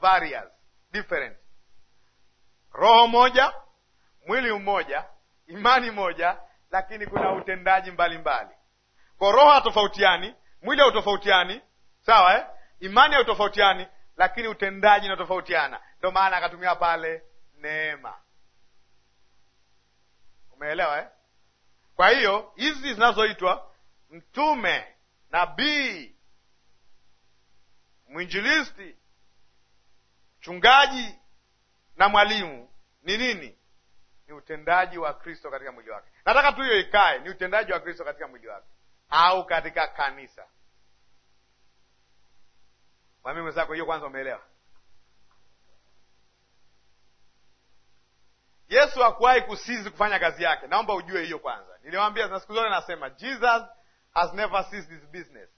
various different. Roho moja, mwili mmoja, imani moja, lakini kuna utendaji mbalimbali. Kwa roho hatofautiani, mwili hautofautiani, sawa eh? Imani hautofautiani, lakini utendaji unatofautiana. Ndio maana akatumia pale neema Umeelewa eh? Kwa hiyo hizi zinazoitwa mtume, nabii, mwinjilisti, mchungaji na mwalimu ni nini? Ni utendaji wa Kristo katika mwili wake. Nataka tu hiyo ikae, ni utendaji wa Kristo katika mwili wake au katika kanisa. Mwamini mwenzako hiyo kwanza, umeelewa? Yesu hakuwahi kusizi kufanya kazi yake. Naomba ujue hiyo kwanza. Niliwaambia na siku zote nasema Jesus has never ceased his business.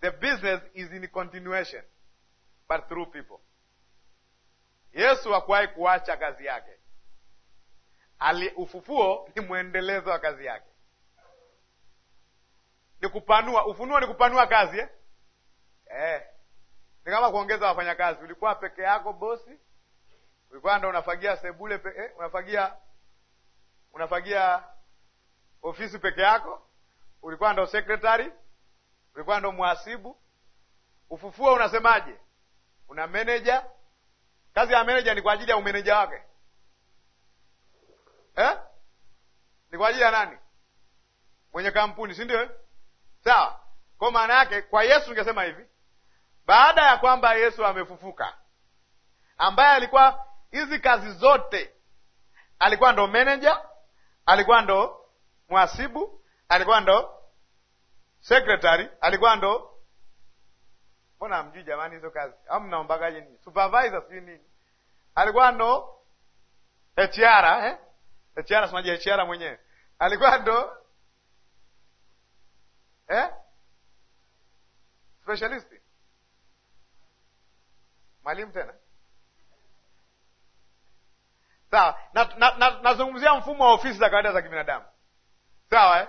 The business is in continuation but through people. Yesu hakuwahi kuacha kazi yake. Ali, ufufuo ni mwendelezo wa kazi yake, ni kupanua. Ufunuo ni kupanua kazi eh? Eh, ni kama kuongeza wafanyakazi. Ulikuwa peke yako bosi ulikuwa ndo unafagia sebule pe, eh, unafagia unafagia ofisi peke yako, ulikuwa ndo secretary, ulikuwa ndo mhasibu. Ufufuo unasemaje? Una manager. Kazi ya manager ni kwa ajili ya umeneja wake eh? Ni kwa ajili ya nani? Mwenye kampuni, si ndio? Sawa. Kwa maana yake, kwa Yesu ningesema hivi, baada ya kwamba Yesu amefufuka, ambaye alikuwa hizi kazi zote alikuwa ndo meneja, alikuwa ndo mwasibu, alikuwa ndo sekretari, alikuwa ndo mbona hamjui jamani hizo kazi au mnaombagaje nini? Supervisor sijui nini, alikuwa ndo HR eh? HR simaji HR mwenyewe alikuwa ndo eh? specialist mwalimu tena sawa. Nazungumzia na, na, na mfumo wa ofisi za kawaida za kibinadamu sawa eh?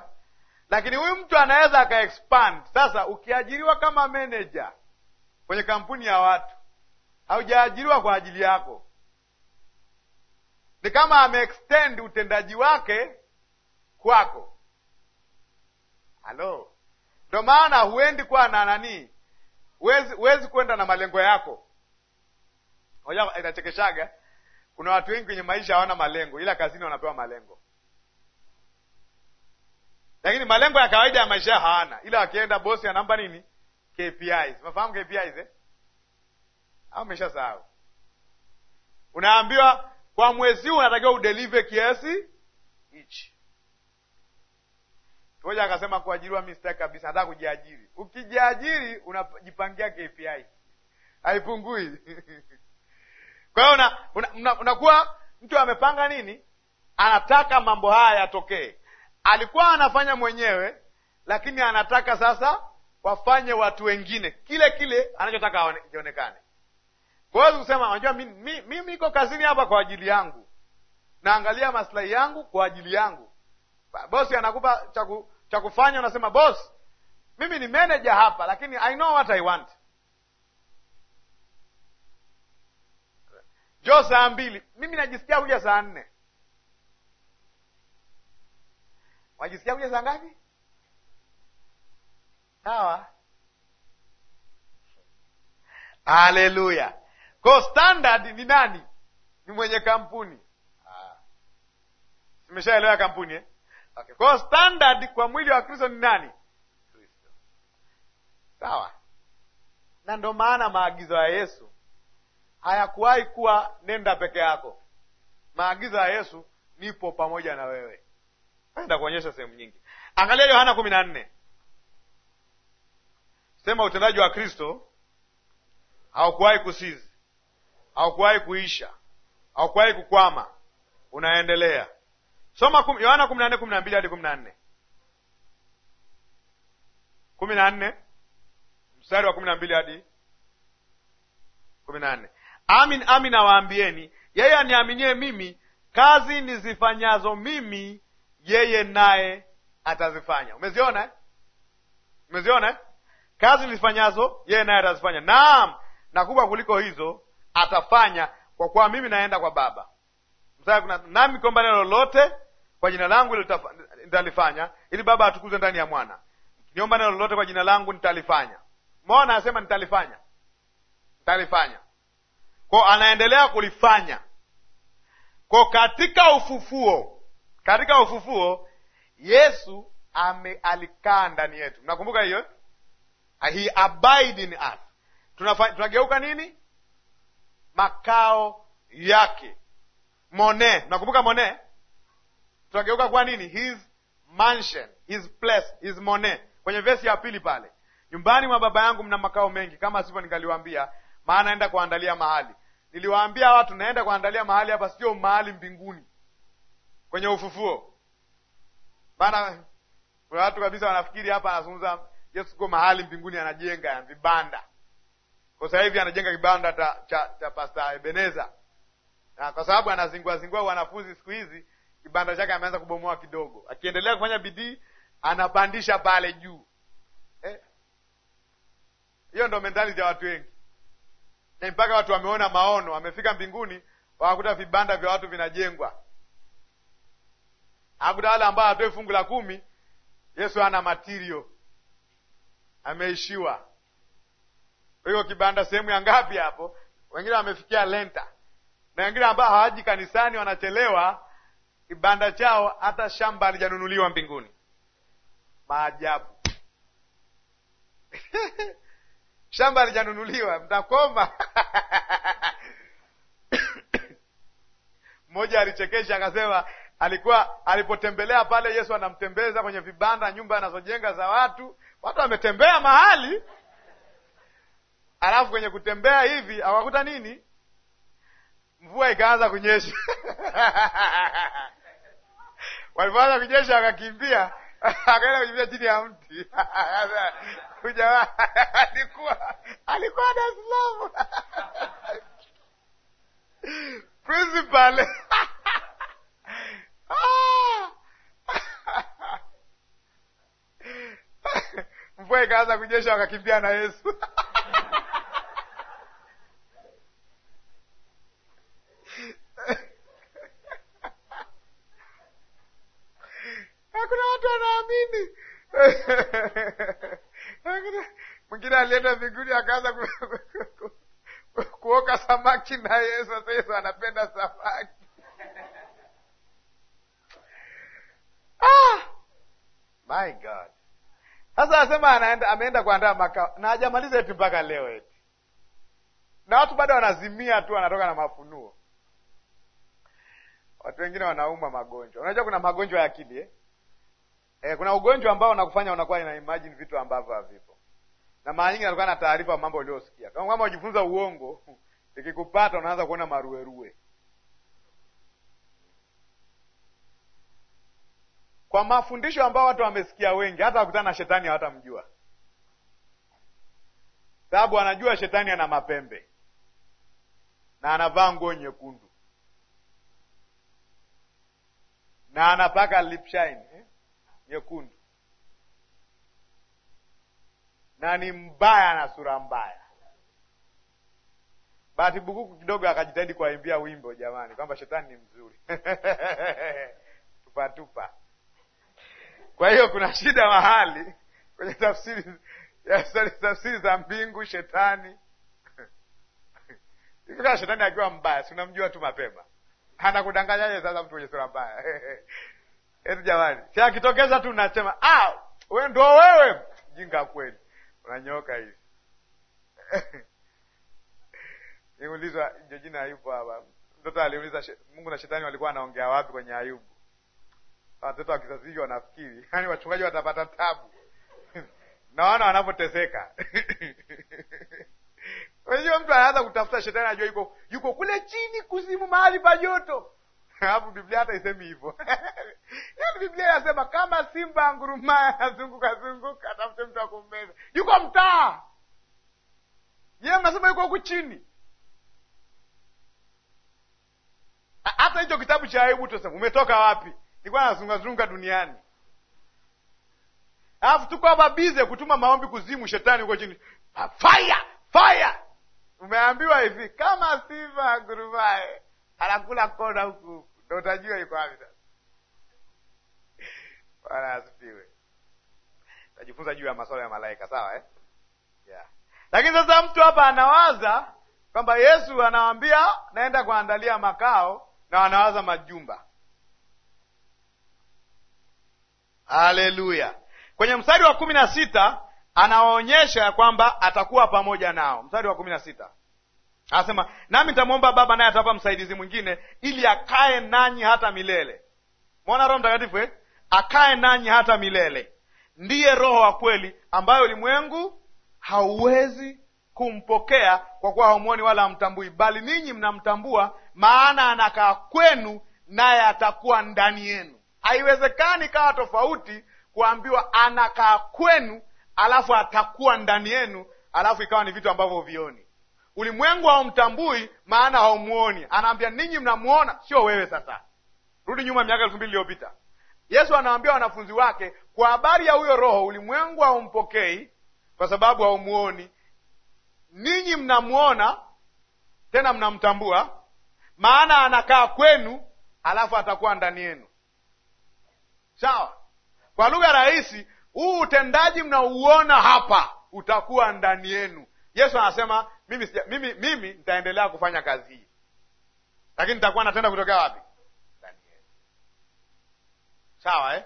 Lakini huyu mtu anaweza akaexpand sasa. Ukiajiriwa kama manager kwenye kampuni ya watu, haujaajiriwa kwa ajili yako, ni kama ameextend utendaji wake kwako. Halo, ndo maana huendi kwa na nani, huwezi kwenda na malengo yako. Inachekeshaga kuna watu wengi kwenye maisha hawana malengo, ila kazini wanapewa malengo, lakini malengo ya kawaida ya maisha hawana, ila wakienda bosi anampa nini? KPIs. Unafahamu KPIs eh? Au sahau? Unaambiwa kwa mwezi huu unatakiwa udelive kiasi hichi. moja akasema kuajiriwa mi sitaki kabisa, nataka kujiajiri. Ukijiajiri unajipangia KPI, haipungui [laughs] Kwa hiyo unakuwa una, una mtu amepanga nini, anataka mambo haya yatokee. Alikuwa anafanya mwenyewe, lakini anataka sasa wafanye watu wengine kile kile anachotaka kionekane. Kwa hiyo kusema, unajua mimi mi, niko mi, kazini hapa kwa ajili yangu, naangalia maslahi yangu kwa ajili yangu. Bosi anakupa cha kufanya, unasema bosi, mimi ni meneja hapa, lakini I know what I want jo saa mbili, mimi najisikia kuja saa nne. Wajisikia kuja saa ngapi? Sawa, haleluya. Ko standard ni nani? Ni mwenye kampuni. Simeshaelewa ah. kampuni eh? Okay. Kwa standard kwa mwili wa Kristo ni nani? Kristo. Sawa, na ndo maana maagizo ya Yesu hayakuwahi kuwa nenda peke yako. Maagizo ya Yesu, nipo pamoja na wewe. kuonyesha sehemu nyingi. Angalia Yohana kumi na nne sema utendaji wa Kristo haukuwahi kusizi, haukuwahi kuisha, haukuwahi kukwama, unaendelea. Soma Yohana kumi na nne kumi na mbili hadi kumi na nne kumi na nne mstari wa kumi na mbili hadi kumi na nne Amin amin nawaambieni, yeye aniaminie mimi, kazi nizifanyazo mimi, yeye naye atazifanya. Umeziona eh? Umeziona eh? kazi nizifanyazo yeye naye atazifanya, naam, na kubwa kuliko hizo atafanya, kwa kuwa mimi naenda kwa Baba. kuna nami kwamba neno lolote kwa jina langu nitalifanya, ili Baba atukuze ndani ya Mwana. Niomba neno lolote kwa jina langu nitalifanya. Mwana anasema nitalifanya, nitalifanya kwa anaendelea kulifanya kwa Katika ufufuo, katika ufufuo Yesu ame alikaa ndani yetu. Mnakumbuka hiyo, ah, he abide in us. Tunageuka nini? Makao yake mone. Mnakumbuka mone, tunageuka kuwa nini? His mansion, his place, his mone. Kwenye vesi ya pili pale, nyumbani mwa Baba yangu mna makao mengi, kama sivyo nikaliwambia maana enda kuandalia mahali. Niliwaambia watu naenda kuandalia mahali hapa, sio mahali mbinguni, kwenye ufufuo. Maana kuna watu kabisa wanafikiri hapa anazungumza Yesu ko mahali mbinguni, anajenga vibanda. Kwa sasa hivi anajenga kibanda ta, cha, cha Pasta Ebeneza, na kwa sababu anazingua zingua wanafunzi siku hizi, kibanda chake ameanza kubomoa kidogo. Akiendelea kufanya bidii, anapandisha pale juu. Eh? Hiyo eh, ndo mentality ya watu wengi mpaka watu wameona maono, wamefika mbinguni, wakakuta vibanda vya watu vinajengwa. Akuta wale ambao hatoe fungu la kumi. Yesu ana matirio ameishiwa. Kwa hiyo kibanda sehemu ya ngapi hapo? Wengine wamefikia lenta, na wengine ambao hawaji kanisani wanachelewa kibanda chao, hata shamba halijanunuliwa mbinguni. Maajabu [laughs] shamba alijanunuliwa, mtakoma [coughs] mmoja alichekesha akasema, alikuwa alipotembelea pale, Yesu anamtembeza kwenye vibanda, nyumba anazojenga za watu, watu wametembea mahali, alafu kwenye kutembea hivi awakuta nini, mvua ikaanza kunyesha. [laughs] Walipoanza kunyesha, wakakimbia akaenda kujimbia chini ya mti alikuwa alikuwa na slavu principal ah! mvua ikaanza kunyesha, wakakimbia na Yesu. kuna watu wanaamini [laughs] mwingine alienda mbinguni akaanza kuoka samaki na Yesu. Sasa Yesu anapenda samaki. [laughs] Ah, my God! Sasa anasema anaenda, ameenda kuandaa makao na hajamaliza eti mpaka leo eti, na watu bado wanazimia tu, wanatoka na mafunuo. Watu wengine wanauma magonjwa. Unajua kuna magonjwa ya akili eh? E, kuna ugonjwa ambao unakufanya unakuwa ina imagine vitu ambavyo havipo, na mara nyingi inakuwa na taarifa mambo uliosikia, kama kwamba ujifunza uongo [laughs] ikikupata unaanza kuona maruerue. Kwa mafundisho ambayo watu wamesikia wengi, hata wakutana na shetani hawatamjua, sababu anajua shetani ana mapembe na anavaa nguo nyekundu na anapaka lipshine eh? nyekundu na ni mbaya na sura mbaya. Bahati Bukuku kidogo akajitahidi kuwaimbia wimbo jamani, kwamba shetani ni mzuri tupatupa [laughs] tupa. Kwa hiyo kuna shida mahali kwenye tafsiri tafsiri za mbingu shetani hivi. [laughs] shetani akiwa mbaya, si unamjua tu mapema, anakudanganyaje sasa mtu mwenye sura mbaya [laughs] eti yaani jamani, si akitokeza tu nasema ah, we ndo wewe jinga kweli, unanyoka hivi [laughs] niulizwa jojini Ayubu hapa, mtoto aliuliza Mungu na shetani walikuwa wanaongea wapi kwenye Ayubu? Watoto wa kizazi hiki wanafikiri, [laughs] yani wachungaji watapata tabu [laughs] naona wanapoteseka Unajua, mtu anaanza kutafuta shetani, anajua yuko yuko kule chini kuzimu, mahali pa joto, Alafu Biblia hata isemi hivyo [laughs] yaani Biblia inasema kama simba anguruma anazunguka zunguka, atafute mtu akumbeza, yuko mtaa. Je, mnasema yuko huku chini? Hata hicho kitabu cha Ayubu tusema umetoka wapi? Nilikuwa nazungazunga duniani, alafu tuko hapa bize kutuma maombi kuzimu, shetani huko chini, fire fire. Umeambiwa hivi, kama simba angurumae anakula kona huku ndio utajua yuko wapi sasa. Bwana asifiwe. Tajifunza juu ya masuala ya malaika, sawa eh? Yeah. Lakini sasa mtu hapa anawaza kwamba Yesu anawaambia naenda kuandalia makao na anawaza majumba. Haleluya! Kwenye mstari wa kumi na sita anawaonyesha kwamba atakuwa pamoja nao. Mstari wa kumi na sita Anasema nami nitamwomba Baba naye atapa msaidizi mwingine, ili akae nanyi hata milele. Mwona Roho Mtakatifu eh? Akae nanyi hata milele, ndiye Roho wa kweli, ambayo ulimwengu hauwezi kumpokea kwa kuwa haumwoni wala hamtambui, bali ninyi mnamtambua, maana anakaa kwenu naye atakuwa ndani yenu. Haiwezekani kawa tofauti kuambiwa anakaa kwenu alafu atakuwa ndani yenu alafu ikawa ni vitu ambavyo vioni Ulimwengu haumtambui maana haumuoni. Anaambia ninyi mnamuona, sio wewe. Sasa rudi nyuma miaka elfu mbili iliyopita Yesu anaambia wanafunzi wake kwa habari ya huyo Roho, ulimwengu haumpokei kwa sababu haumuoni. Ninyi mnamuona tena mnamtambua, maana anakaa kwenu, alafu atakuwa ndani yenu. Sawa? Kwa lugha rahisi, huu utendaji mnauona hapa utakuwa ndani yenu. Yesu anasema mimi sija, mimi mimi nitaendelea kufanya kazi hii, lakini nitakuwa natenda kutokea wapi? Ndani yenu. Sawa eh?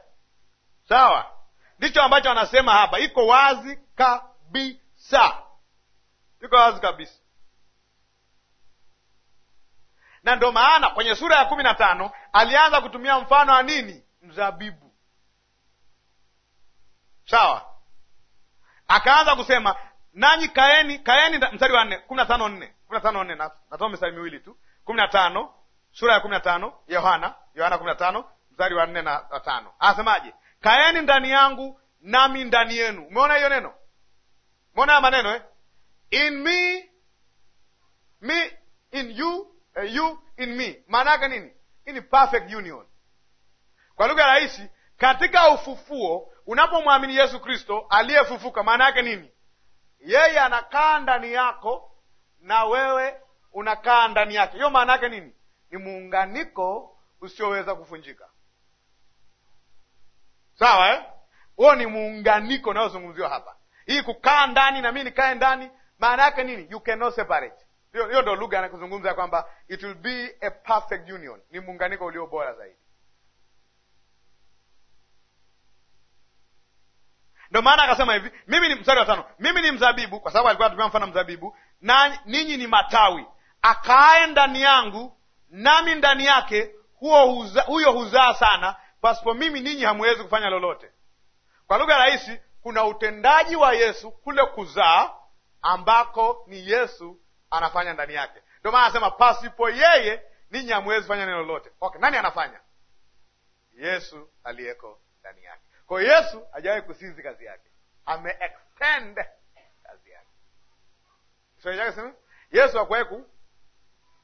Sawa, ndicho ambacho anasema hapa, iko wazi kabisa, iko wazi kabisa, na ndo maana kwenye sura ya kumi na tano alianza kutumia mfano wa nini? Mzabibu. Sawa, akaanza kusema nanyi kaeni kaeni, mstari wa nne kumi na tano nne kumi na tano nne nasoma mistari miwili tu, kumi na tano sura ya kumi na tano Yohana Yohana kumi na tano mstari wa nne na tano anasemaje? Kaeni ndani yangu nami ndani yenu. Umeona hiyo neno, umeona haya maneno eh? in me, me in you, uh, you in me. Maana yake nini? Ini perfect union. Kwa lugha rahisi, katika ufufuo unapomwamini Yesu Kristo aliyefufuka, maana yake nini? yeye anakaa ndani yako na wewe unakaa ndani yake. Hiyo maana yake nini? Ni muunganiko usioweza kuvunjika. Sawa eh? Huo ni muunganiko unaozungumziwa hapa. Hii kukaa ndani na mi nikae ndani, maana yake nini? You cannot separate. Hiyo ndo lugha anakuzungumza kwamba it will be a perfect union, ni muunganiko ulio bora zaidi. Ndio maana akasema hivi, mimi ni mstari wa tano, mimi ni mzabibu, kwa sababu alikuwa anatumia mfano mzabibu, na ninyi ni matawi. Akaaye ndani yangu nami ndani yake, huo huza, huyo huzaa sana. Pasipo mimi ninyi hamwezi kufanya lolote. Kwa lugha rahisi, kuna utendaji wa Yesu kule kuzaa ambako ni Yesu anafanya ndani yake. Ndio maana anasema pasipo yeye ninyi hamwezi kufanya neno lolote. Okay, nani anafanya? Yesu aliyeko ndani yake kwao. Yesu hajawahi kusinzi kazi yake, ame extend kazi yake. Kiswahili chake sema Yesu hakuwahi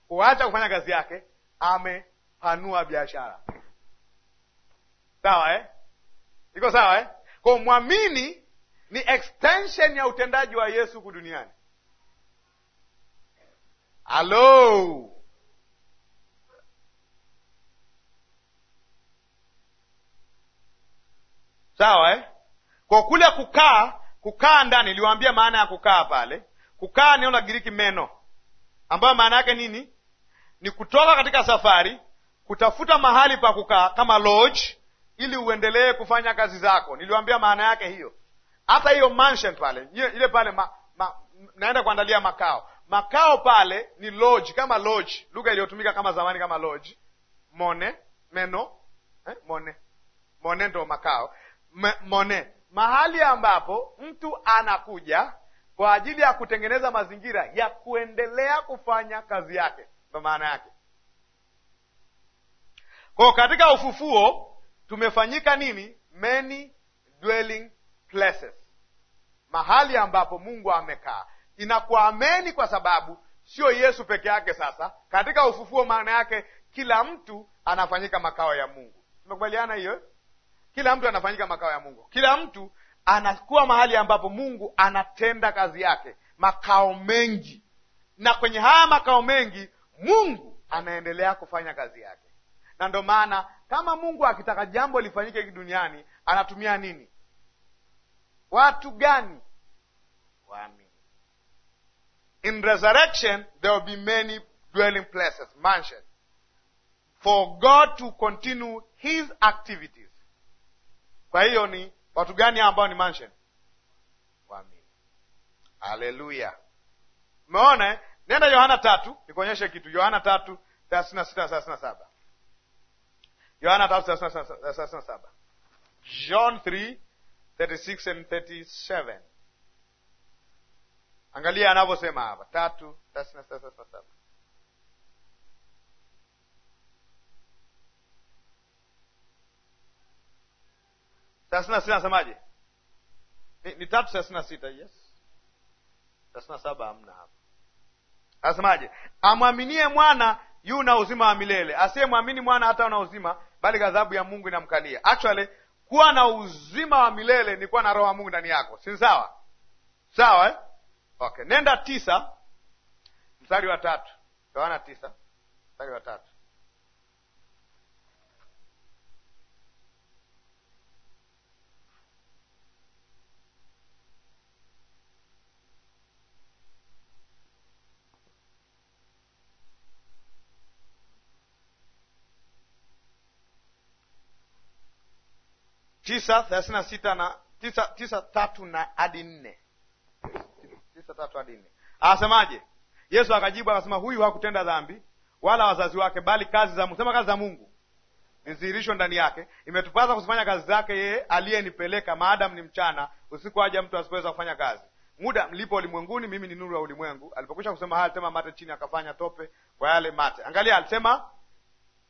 kuacha kufanya kazi yake, amepanua biashara. Sawa eh? iko sawa eh? Kwa mwamini ni extension ya utendaji wa Yesu duniani. Halo. sawa eh? Kwa kule kukaa, kukaa ndani, iliwambia maana ya kukaa pale. Kukaa neno la giriki meno, ambayo maana yake nini? Ni kutoka katika safari, kutafuta mahali pa kukaa kama lodge, ili uendelee kufanya kazi zako. niliwambia maana yake hiyo. Hata hiyo mansion pale, ile pale ma, ma, naenda kuandalia makao makao pale ni lodge, kama lodge, lugha iliyotumika kama zamani, kama lodge mone meno eh, mone mone ndo makao mone, mahali ambapo mtu anakuja kwa ajili ya kutengeneza mazingira ya kuendelea kufanya kazi yake, Kwa maana yake. Kwa katika ufufuo tumefanyika nini? Many dwelling places, mahali ambapo Mungu amekaa. Inakuwa ameni kwa sababu sio Yesu peke yake. Sasa katika ufufuo, maana yake kila mtu anafanyika makao ya Mungu. Tumekubaliana hiyo? Kila mtu anafanyika makao ya Mungu, kila mtu anakuwa mahali ambapo Mungu anatenda kazi yake, makao mengi. Na kwenye haya makao mengi Mungu anaendelea kufanya kazi yake, na ndo maana kama Mungu akitaka jambo lifanyike hiki duniani anatumia nini? Watu gani? Waamini. In resurrection there will be many dwelling places, for God to continue his activities kwa hiyo ni watu gani ambao ni mansion? Waamini. Haleluya! Umeona, eh? nenda Yohana tatu nikuonyeshe kitu. Yohana tatu thelathini na sita thelathini na saba Yohana tatu thelathini na saba John 3 36 and 37. Angalia anavyosema hapa, tatu thelathini na sita thelathini na saba thelathini na sita nasemaje ni, ni tatu thelathini na sita yes thelathini na saba hamna hapa anasemaje amwaminie mwana yu na uzima wa milele asiyemwamini mwana hata una uzima bali ghadhabu ya mungu inamkalia actually kuwa na uzima wa milele ni kuwa na roho ya mungu ndani yako si sawa sawa eh? okay nenda tisa mstari wa tatu Yohana tisa mstari wa tatu tisa thelathini na sita na tisa tisa tatu na hadi nne tisa tatu hadi nne anasemaje? Yesu akajibu akasema, huyu hakutenda dhambi wala wazazi wake, bali kazi za sema kazi za Mungu nidhihirisho ndani yake. Imetupasa kuzifanya kazi zake yeye aliyenipeleka, maadamu ni mchana. Usiku aja mtu asipoweza kufanya kazi. Muda mlipo ulimwenguni, mimi ni nuru ya ulimwengu. Alipokwisha kusema haya, alisema mate chini, akafanya tope kwa yale mate. Angalia, alisema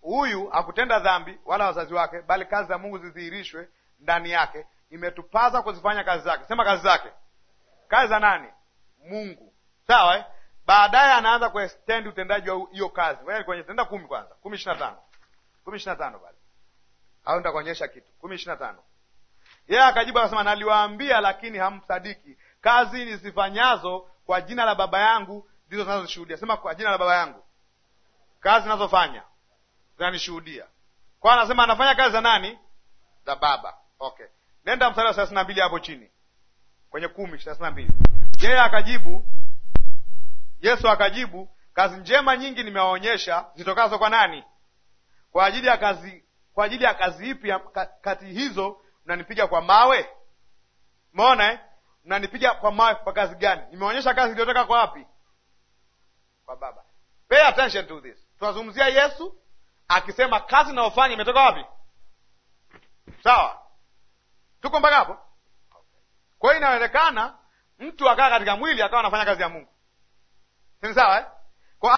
huyu hakutenda dhambi wala wazazi wake, bali kazi za Mungu zidhihirishwe, ndani yake, imetupaza kuzifanya kazi zake. Sema kazi zake, kazi za nani? Mungu. Sawa eh? Baadaye anaanza kuestendi utendaji wa hiyo kazi kwenye tenda kumi kwanza, kumi ishiri na tano kumi ishiri na tano pale au nitakuonyesha kitu kumi ishiri na tano Yeye akajibu akasema, naliwaambia lakini hamsadiki. Kazi nizifanyazo kwa jina la Baba yangu ndizo zinazoshuhudia. Sema kwa jina la Baba yangu, kazi zinazofanya zinanishuhudia. Kwa anasema anafanya kazi za nani? Za Baba. Okay, nenda mstari wa thelathini na mbili hapo chini kwenye kumi thelathini na mbili Yeye akajibu, Yesu akajibu, kazi njema nyingi nimewaonyesha zitokazo kwa nani? Kwa ajili ya kazi, kwa ajili ya kazi ipi kati hizo mnanipiga kwa mawe? Umeona eh? Mnanipiga kwa mawe kwa kazi gani? Nimeonyesha kazi iliyotoka kwa wapi? Kwa Baba. Pay attention to this. Tunazungumzia Yesu akisema kazi inayofanya imetoka wapi? Sawa? Tuko mpaka hapo? Kwa hiyo inawezekana mtu akaa katika mwili akawa anafanya kazi ya Mungu, si sawa eh?